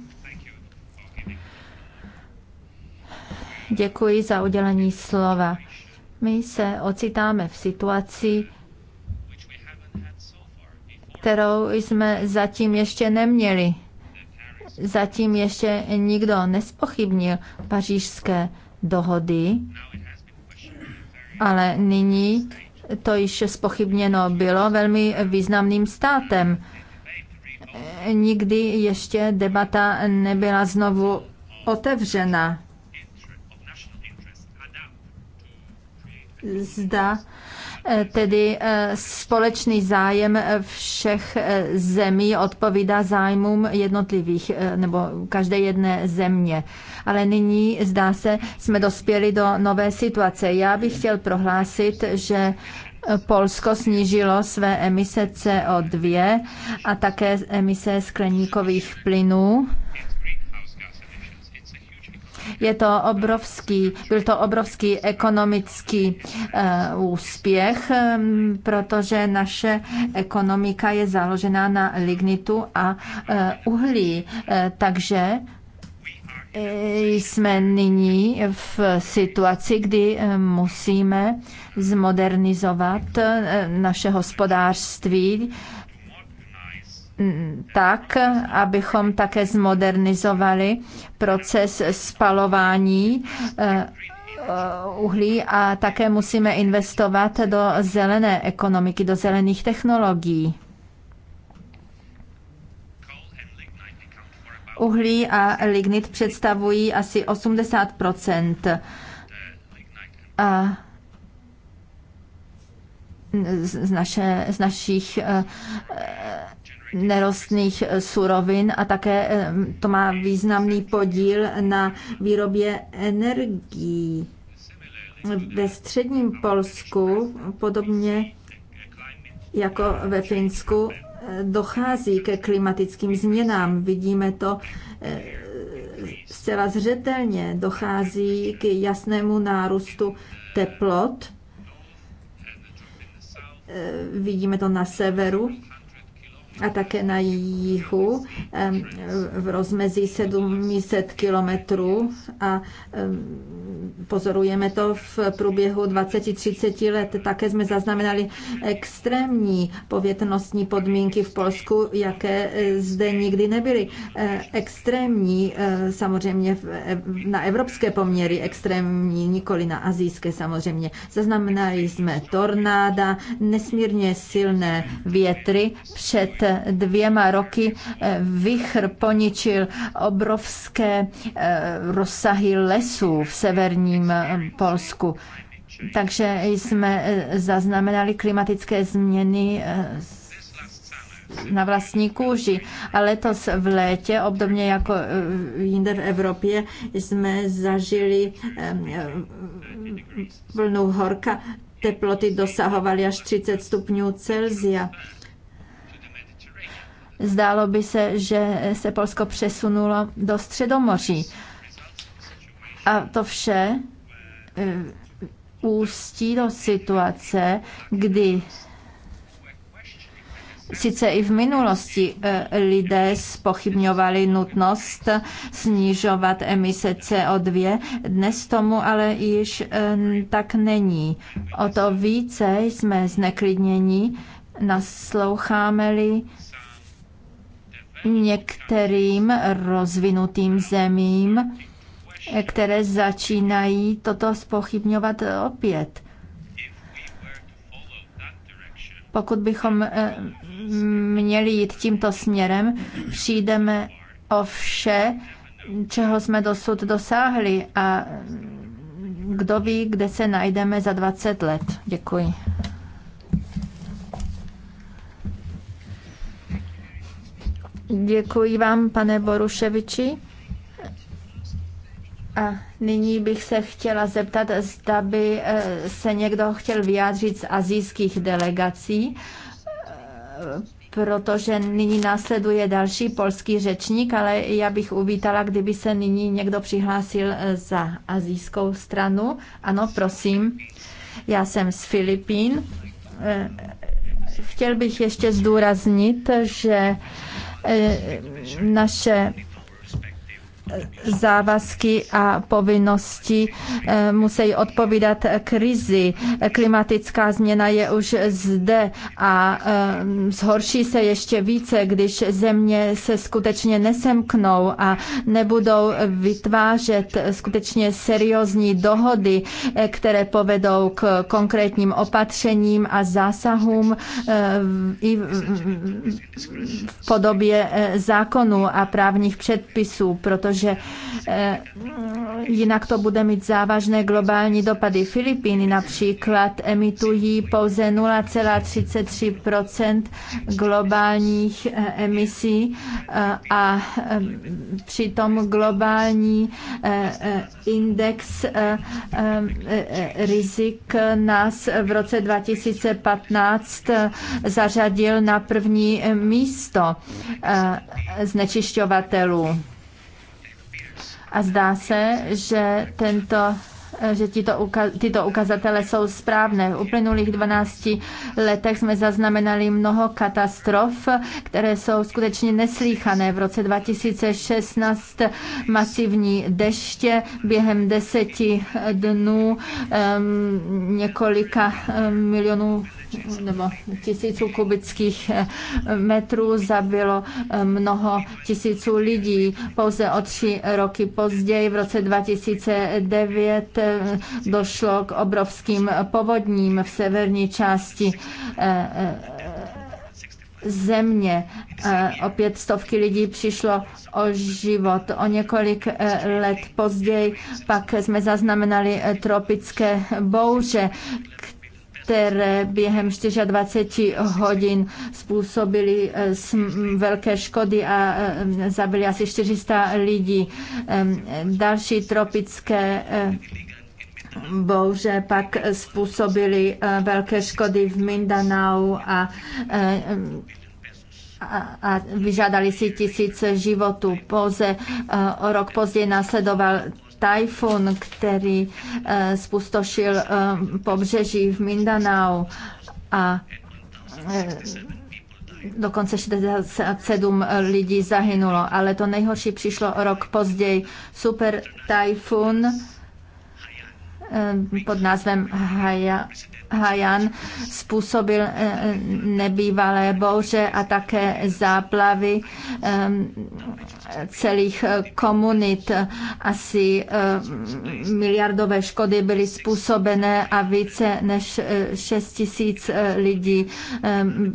Děkuji za udělení slova. My se ocitáme v situaci, kterou jsme zatím ještě neměli. Zatím ještě nikdo nespochybnil pařížské dohody, ale nyní to již spochybněno bylo velmi významným státem. Nikdy ještě debata nebyla znovu otevřena. Zda Eh, tedy eh, společný zájem eh, všech zemí odpovídá zájmům jednotlivých nebo každé jedné země. Ale nyní, zdá se, jsme dospěli do nové situace. Já bych chtěl prohlásit, že Polsko snížilo své emise CO2 a také emise skleníkových plynů je to obrovský, byl to obrovský ekonomický eh, úspěch, mm, protože naše ekonomika je založená na lignitu a eh, uhlí, eh, takže jsme nyní v situaci, kdy musíme zmodernizovat naše hospodářství tak, abychom také zmodernizovali proces spalování eh, eh, uhlí a také musíme investovat do zelené ekonomiky, do zelených technologií. Uhlí a lignit představují asi 80 a z, naše, z našich eh, nerostných eh, surovin a také eh, to má významný podíl na výrobě energií. Ve středním Polsku, podobně jako ve Finsku, eh, dochází ke klimatickým změnám. Vidíme to zcela zřetelně. Dochází k jasnému nárůstu teplot. Vidíme to na severu a také na jihu v rozmezí 700 kilometrů a pozorujeme to v průběhu 20-30 let. Také jsme zaznamenali extrémní povětnostní podmínky v Polsku, jaké e, zde nikdy nebyly. E, extrémní e, samozřejmě na evropské poměry, extrémní nikoli na azijské samozřejmě. Zaznamenali jsme tornáda, nesmírně silné větry před dvěma roky eh, vychr poničil obrovské eh, rozsahy lesů v severním eh, Polsku. Takže jsme zaznamenali klimatické změny na vlastní kůži. A letos v létě, obdobně jako jinde v Evropě, jsme zažili vlnu horka. Teploty dosahovaly až 30 stupňů Celsia. Zdálo by se, že se Polsko přesunulo do Středomoří. A to vše e, ústí do situace, kdy Sice i v minulosti e, lidé spochybňovali nutnost snižovat emise CO2, dnes tomu ale již e, tak není. O to více jsme zneklidněni, nasloucháme-li některým rozvinutým zemím, které začínají toto spochybňovat opět. Pokud bychom eh, měli jít tímto směrem, přijdeme o vše, čeho jsme dosud dosáhli a kdo ví, kde se najdeme za 20 let. Děkuji. Děkuji vám, pane Boruševiči. A nyní bych se chtěla zeptat, zda by eh, se někdo chtěl vyjádřit z azijských delegací, eh, protože nyní následuje další polský řečník, ale já bych uvítala, kdyby se nyní někdo přihlásil eh, za azijskou stranu. Ano, prosím. Já jsem z Filipín. Chtěl bych ještě zdůraznit, že Eh, naše závazky a povinnosti eh, musí odpovídat krizi. Klimatická změna je už zde a eh, zhorší se ještě více, když země se skutečně nesemknou a nebudou vytvářet skutečně seriózní dohody, eh, které povedou k konkrétním opatřením a zásahům i v podobě zákonů a právních předpisů, protože že eh, jinak to bude mít závažné globální dopady. Filipíny například emitují pouze 0,33 globálních eh, emisí eh, a přitom globální index rizik nás v roce 2015 zařadil na první místo znečišťovatelů. A zdá se, že tento že tyto, uka- tyto ukazatele jsou správné. V uplynulých 12 letech jsme zaznamenali mnoho katastrof, které jsou skutečně neslíchané. V roce 2016 masivní deště během deseti dnů um, několika milionů nebo tisíců kubických eh, metrů zabilo eh, mnoho tisíců lidí. Pouze o tři roky později, v roce 2009, eh, došlo k obrovským povodním v severní části země. Opět stovky lidí přišlo o život. O několik let později pak jsme zaznamenali tropické bouře, které během 24 hodin způsobily eh, velké škody a eh, zabili asi 400 lidí. Další tropické eh, bouře pak způsobily velké škody v Mindanao a a vyžádali si tisíce životů. Pouze o rok později následoval tajfun, který eh, spustošil eh, pobřeží v Mindanao a eh, dokonce 67 lidí zahynulo, ale to nejhorší přišlo rok později. Super tajfun Eh, pod názvem Hajan způsobil eh, nebývalé bouře a také záplavy eh, celých komunit. Asi miliardové škody byly způsobené a více než 6 tisíc lidí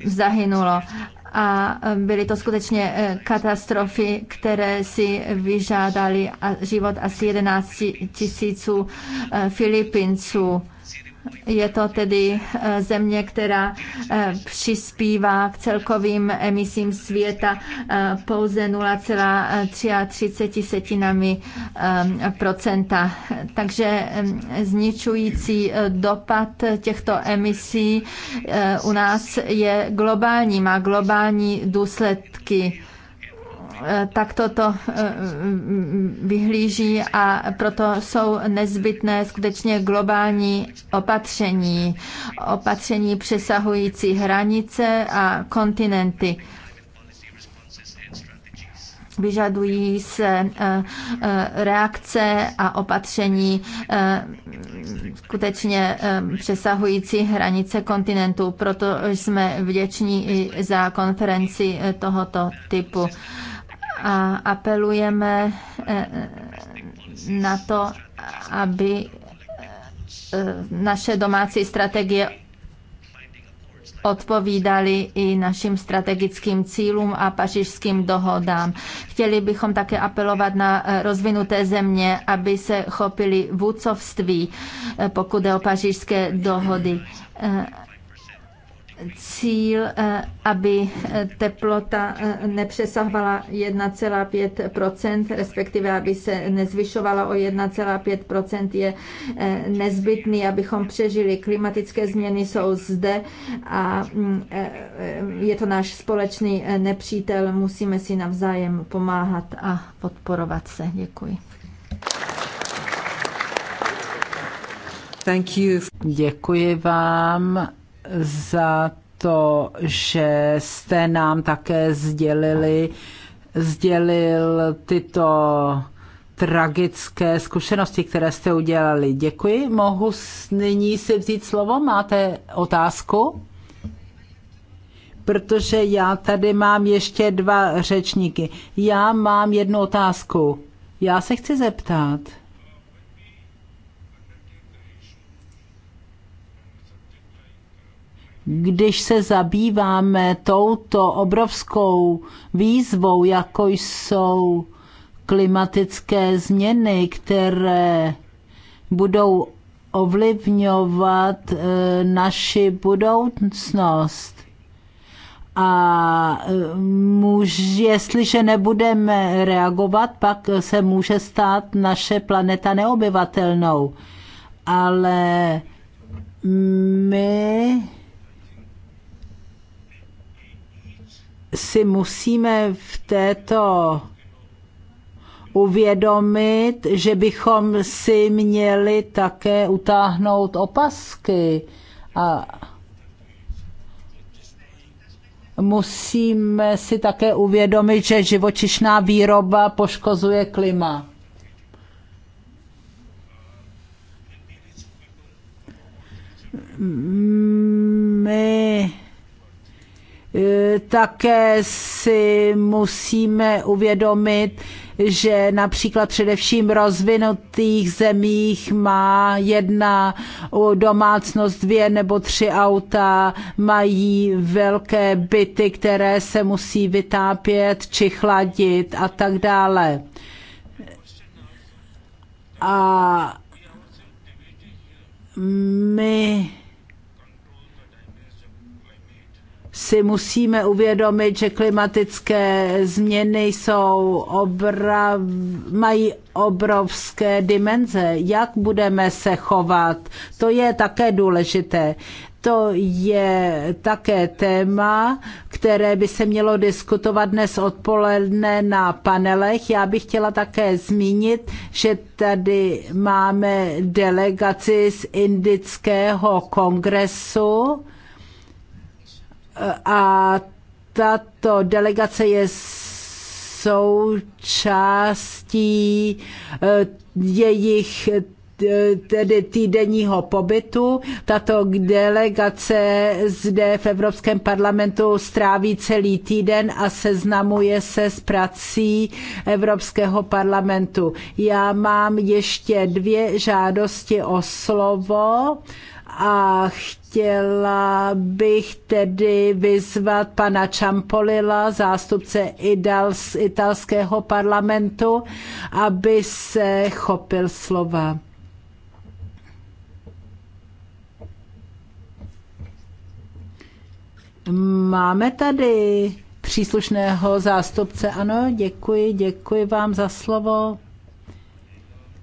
zahynulo a byly to skutečně eh, katastrofy, které si vyžádali život asi 11 tisíců eh, Filipinců. Je to tedy eh, země, která eh, přispívá k celkovým emisím světa eh, pouze 0,33 procenta. Takže zničující dopad těchto emisí u nás je globální, má globální důsledky. Eh, tak to eh, mm, vyhlíží a proto jsou nezbytné skutečně globální opatření, opatření přesahující hranice a kontinenty vyžadují se eh, reakce a opatření skutečně přesahující hranice kontinentu. Proto jsme vděční i za konferenci tohoto typu a apelujeme eh, na to, aby eh, naše domácí strategie odpovídali i našim strategickým cílům a pařížským dohodám. Chtěli bychom také apelovat na eh, rozvinuté země, aby se chopili vůcovství, pokud je o pařížské dohody cíl, eh, aby eh, teplota eh, nepřesahovala 1,5 respektive aby se nezvyšovala o 1,5 je nezbytný, abychom přežili. Klimatické změny jsou zde a mm, je to náš společný nepřítel. Musíme si navzájem pomáhat a podporovat se. Děkuji. Thank you. Děkuji vám za to, že jste nám také sdělili, sdělil tyto tragické zkušenosti, které jste udělali. Děkuji. Mohu nyní si vzít slovo? Máte otázku? Protože já tady mám ještě dva řečníky. Já mám jednu otázku. Já se chci zeptat. když se zabýváme touto obrovskou výzvou, jako jsou klimatické změny, které budou ovlivňovat eh, naši budoucnost. A eh, muž, jestliže nebudeme reagovat, pak se může stát naše planeta neobyvatelnou. Ale my si musíme v této uvědomit, že bychom si měli také utáhnout opasky a musíme si také uvědomit, že živočišná výroba poškozuje klima. My Eh, také si musíme uvědomit, že například především v rozvinutých zemích má jedna domácnost dvě nebo tři auta, mají velké byty, které se musí vytápět či chladit a tak dále. A my si musíme uvědomit, že klimatické změny jsou obra, mají obrovské dimenze. Jak budeme se chovat, to je také důležité. To je také téma, které by se mělo diskutovat dnes odpoledne na panelech. Já bych chtěla také zmínit, že tady máme delegaci z Indického kongresu a tato delegace je součástí eh, jejich eh, tedy týdenního pobytu. Tato delegace zde v Evropském parlamentu stráví celý týden a seznamuje se s prací Evropského parlamentu. Já mám ještě dvě žádosti o slovo a chtěla bych tedy vyzvat pana Čampolila, zástupce Idals, italského parlamentu, aby se chopil slova. Máme tady příslušného zástupce. Ano, děkuji, děkuji vám za slovo.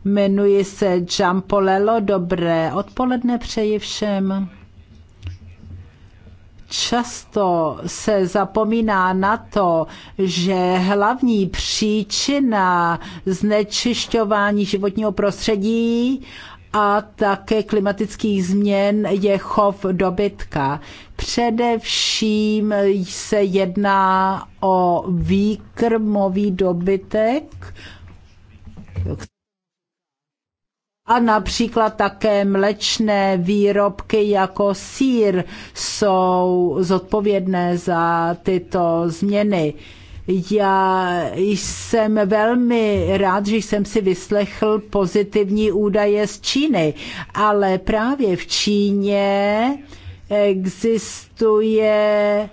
Jmenuji se Giampolello. Dobré odpoledne přeji všem. Často se zapomíná na to, že hlavní příčina znečišťování životního prostředí a také klimatických změn je chov dobytka. Především se jedná o výkrmový dobytek, a například také mlečné výrobky jako sír jsou zodpovědné za tyto změny. Já jsem velmi rád, že jsem si vyslechl pozitivní údaje z Číny, ale právě v Číně existuje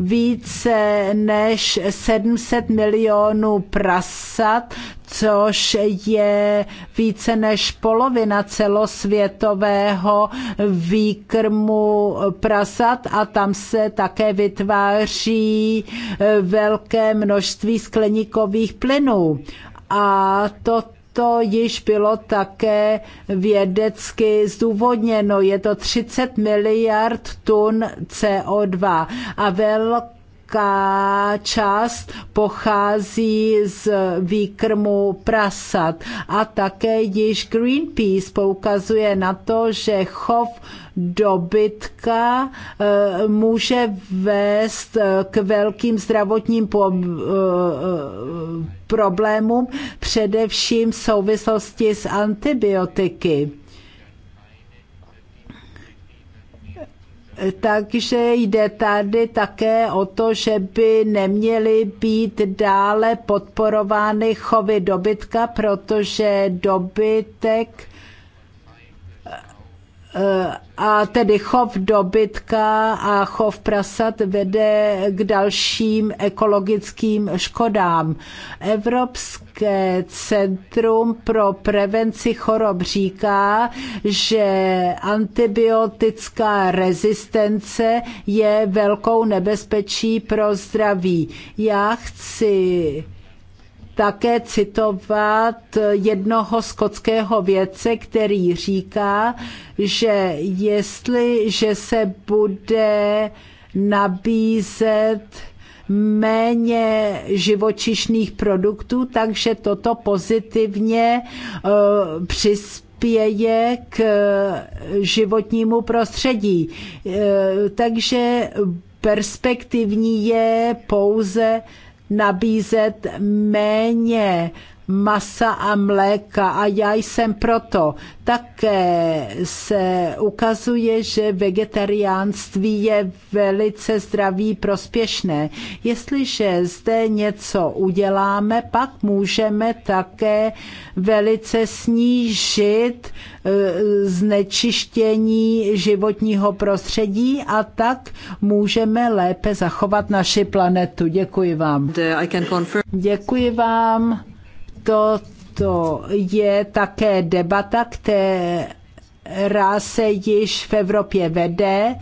více než 700 milionů prasat, což je více než polovina celosvětového výkrmu prasat a tam se také vytváří eh, velké množství skleníkových plynů. A toto to již bylo také vědecky zdůvodněno. Je to 30 miliard tun CO2 a velká velká část pochází z výkrmu prasat. A také již Greenpeace poukazuje na to, že chov dobytka eh, může vést eh, k velkým zdravotním eh, problémům, především v souvislosti s antibiotiky. Takže jde tady také o to, že by neměly být dále podporovány chovy dobytka, protože dobytek Eh, a tedy chov dobytka a chov prasat vede k dalším ekologickým škodám. Evropské centrum pro prevenci chorob říká, že antibiotická rezistence je velkou nebezpečí pro zdraví. Já chci také citovat jednoho skotského vědce, který říká, že jestliže se bude nabízet méně živočišných produktů, takže toto pozitivně uh, eh, přispívá přispěje k eh, životnímu prostředí. Eh, takže perspektivní je pouze nabízet méně masa a mléka a já jsem proto. Také se ukazuje, že vegetariánství je velice zdraví prospěšné. Jestliže zde něco uděláme, pak můžeme také velice snížit eh, znečištění životního prostředí a tak můžeme lépe zachovat naši planetu. Děkuji vám. Děkuji vám. Toto je také debata, která se již v Evropě vede,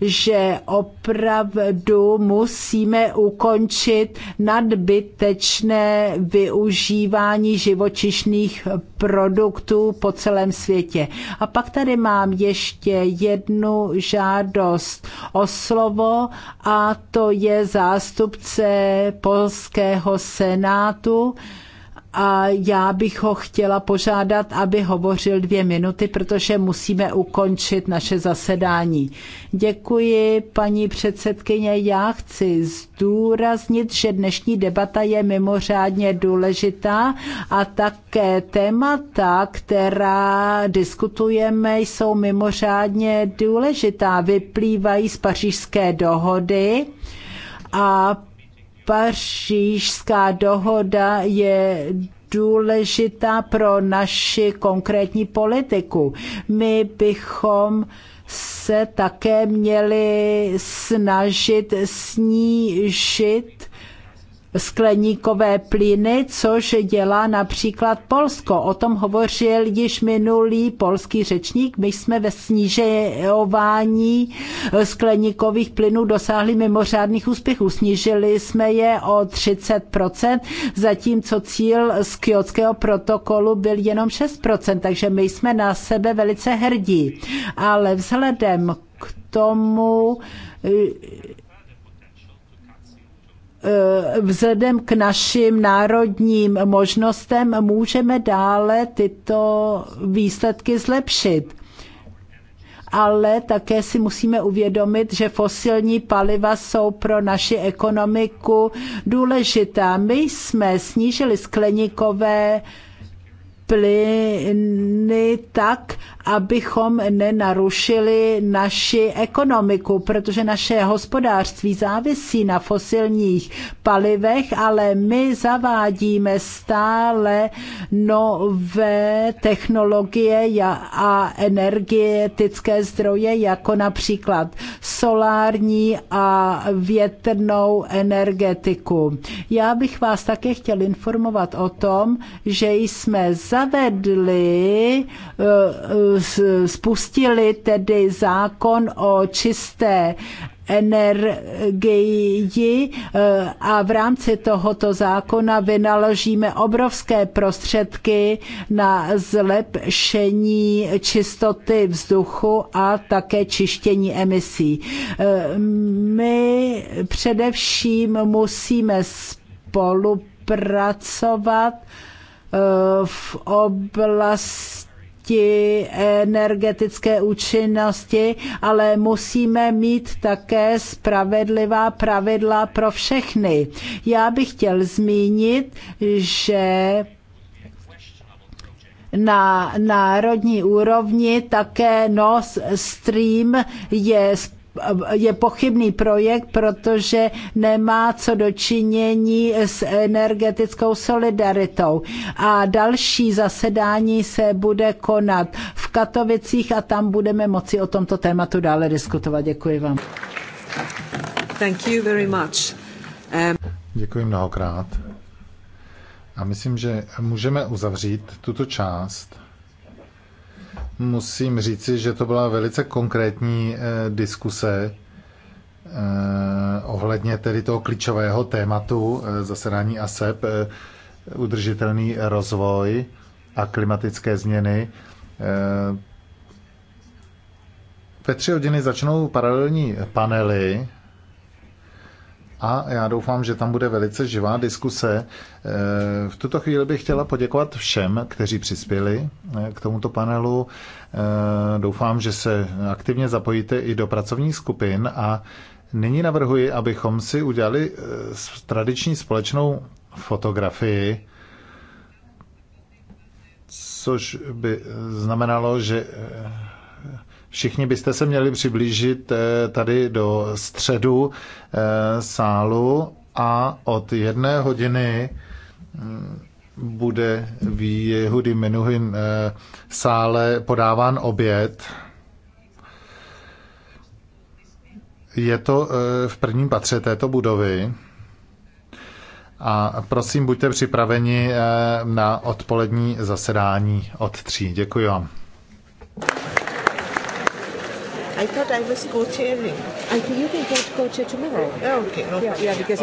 že opravdu musíme ukončit nadbytečné využívání živočišných produktů po celém světě. A pak tady mám ještě jednu žádost o slovo a to je zástupce Polského senátu, a já bych ho chtěla požádat, aby hovořil dvě minuty, protože musíme ukončit naše zasedání. Děkuji, paní předsedkyně. Já chci zdůraznit, že dnešní debata je mimořádně důležitá a také témata, která diskutujeme, jsou mimořádně důležitá. Vyplývají z pařížské dohody a Pařížská dohoda je důležitá pro naši konkrétní politiku. My bychom se také měli snažit snížit skleníkové plyny, což dělá například Polsko. O tom hovořil již minulý polský řečník. My jsme ve snižování skleníkových plynů dosáhli mimořádných úspěchů. Snížili jsme je o 30%, zatímco cíl z Kyotského protokolu byl jenom 6%, takže my jsme na sebe velice hrdí. Ale vzhledem k tomu, Eh, vzhledem k našim národním možnostem můžeme dále tyto výsledky zlepšit. Ale také si musíme uvědomit, že fosilní paliva jsou pro naši ekonomiku důležitá. My jsme snížili skleníkové plyny tak, abychom nenarušili naši ekonomiku, protože naše hospodářství závisí na fosilních palivech, ale my zavádíme stále nové technologie a energetické zdroje, jako například solární a větrnou energetiku. Já bych vás také chtěl informovat o tom, že jsme za zavedli, eh, spustili tedy zákon o čisté energii eh, a v rámci tohoto zákona vynaložíme obrovské prostředky na zlepšení čistoty vzduchu a také čištění emisí. Eh, my především musíme spolupracovat Eh, v oblasti energetické účinnosti, ale musíme mít také spravedlivá pravidla pro všechny. Já bych chtěl zmínit, že na národní úrovni také Nord Stream je je pochybný projekt, protože nemá co dočinění s energetickou solidaritou. A další zasedání se bude konat v Katovicích a tam budeme moci o tomto tématu dále diskutovat. Děkuji vám. Thank you very much. Um... Děkuji mnohokrát. A myslím, že můžeme uzavřít tuto část musím říci, že to byla velice konkrétní eh, diskuse eh, ohledně tedy toho klíčového tématu eh, zasedání ASEP, udržitelný rozvoj a klimatické změny. Ve tři hodiny začnou paralelní panely a já doufám, že tam bude velice živá diskuse. E, v tuto chvíli bych chtěla poděkovat všem, kteří přispěli e, k tomuto panelu. E, doufám, že se aktivně zapojíte i do pracovních skupin a nyní navrhuji, abychom si udělali tradiční společnou fotografii, což by znamenalo, že Všichni byste se měli přiblížit eh, tady do středu eh, sálu a od jedné hodiny mm, bude v Jehudy Menuhin eh, sále podáván oběd. Je to v prvním patře této budovy. A prosím, buďte připraveni na odpolední zasedání od tří. Děkuji vám. I thought I was co-chairing. I think you can get co-chair tomorrow. Yeah, oh, okay. No yeah, yeah, because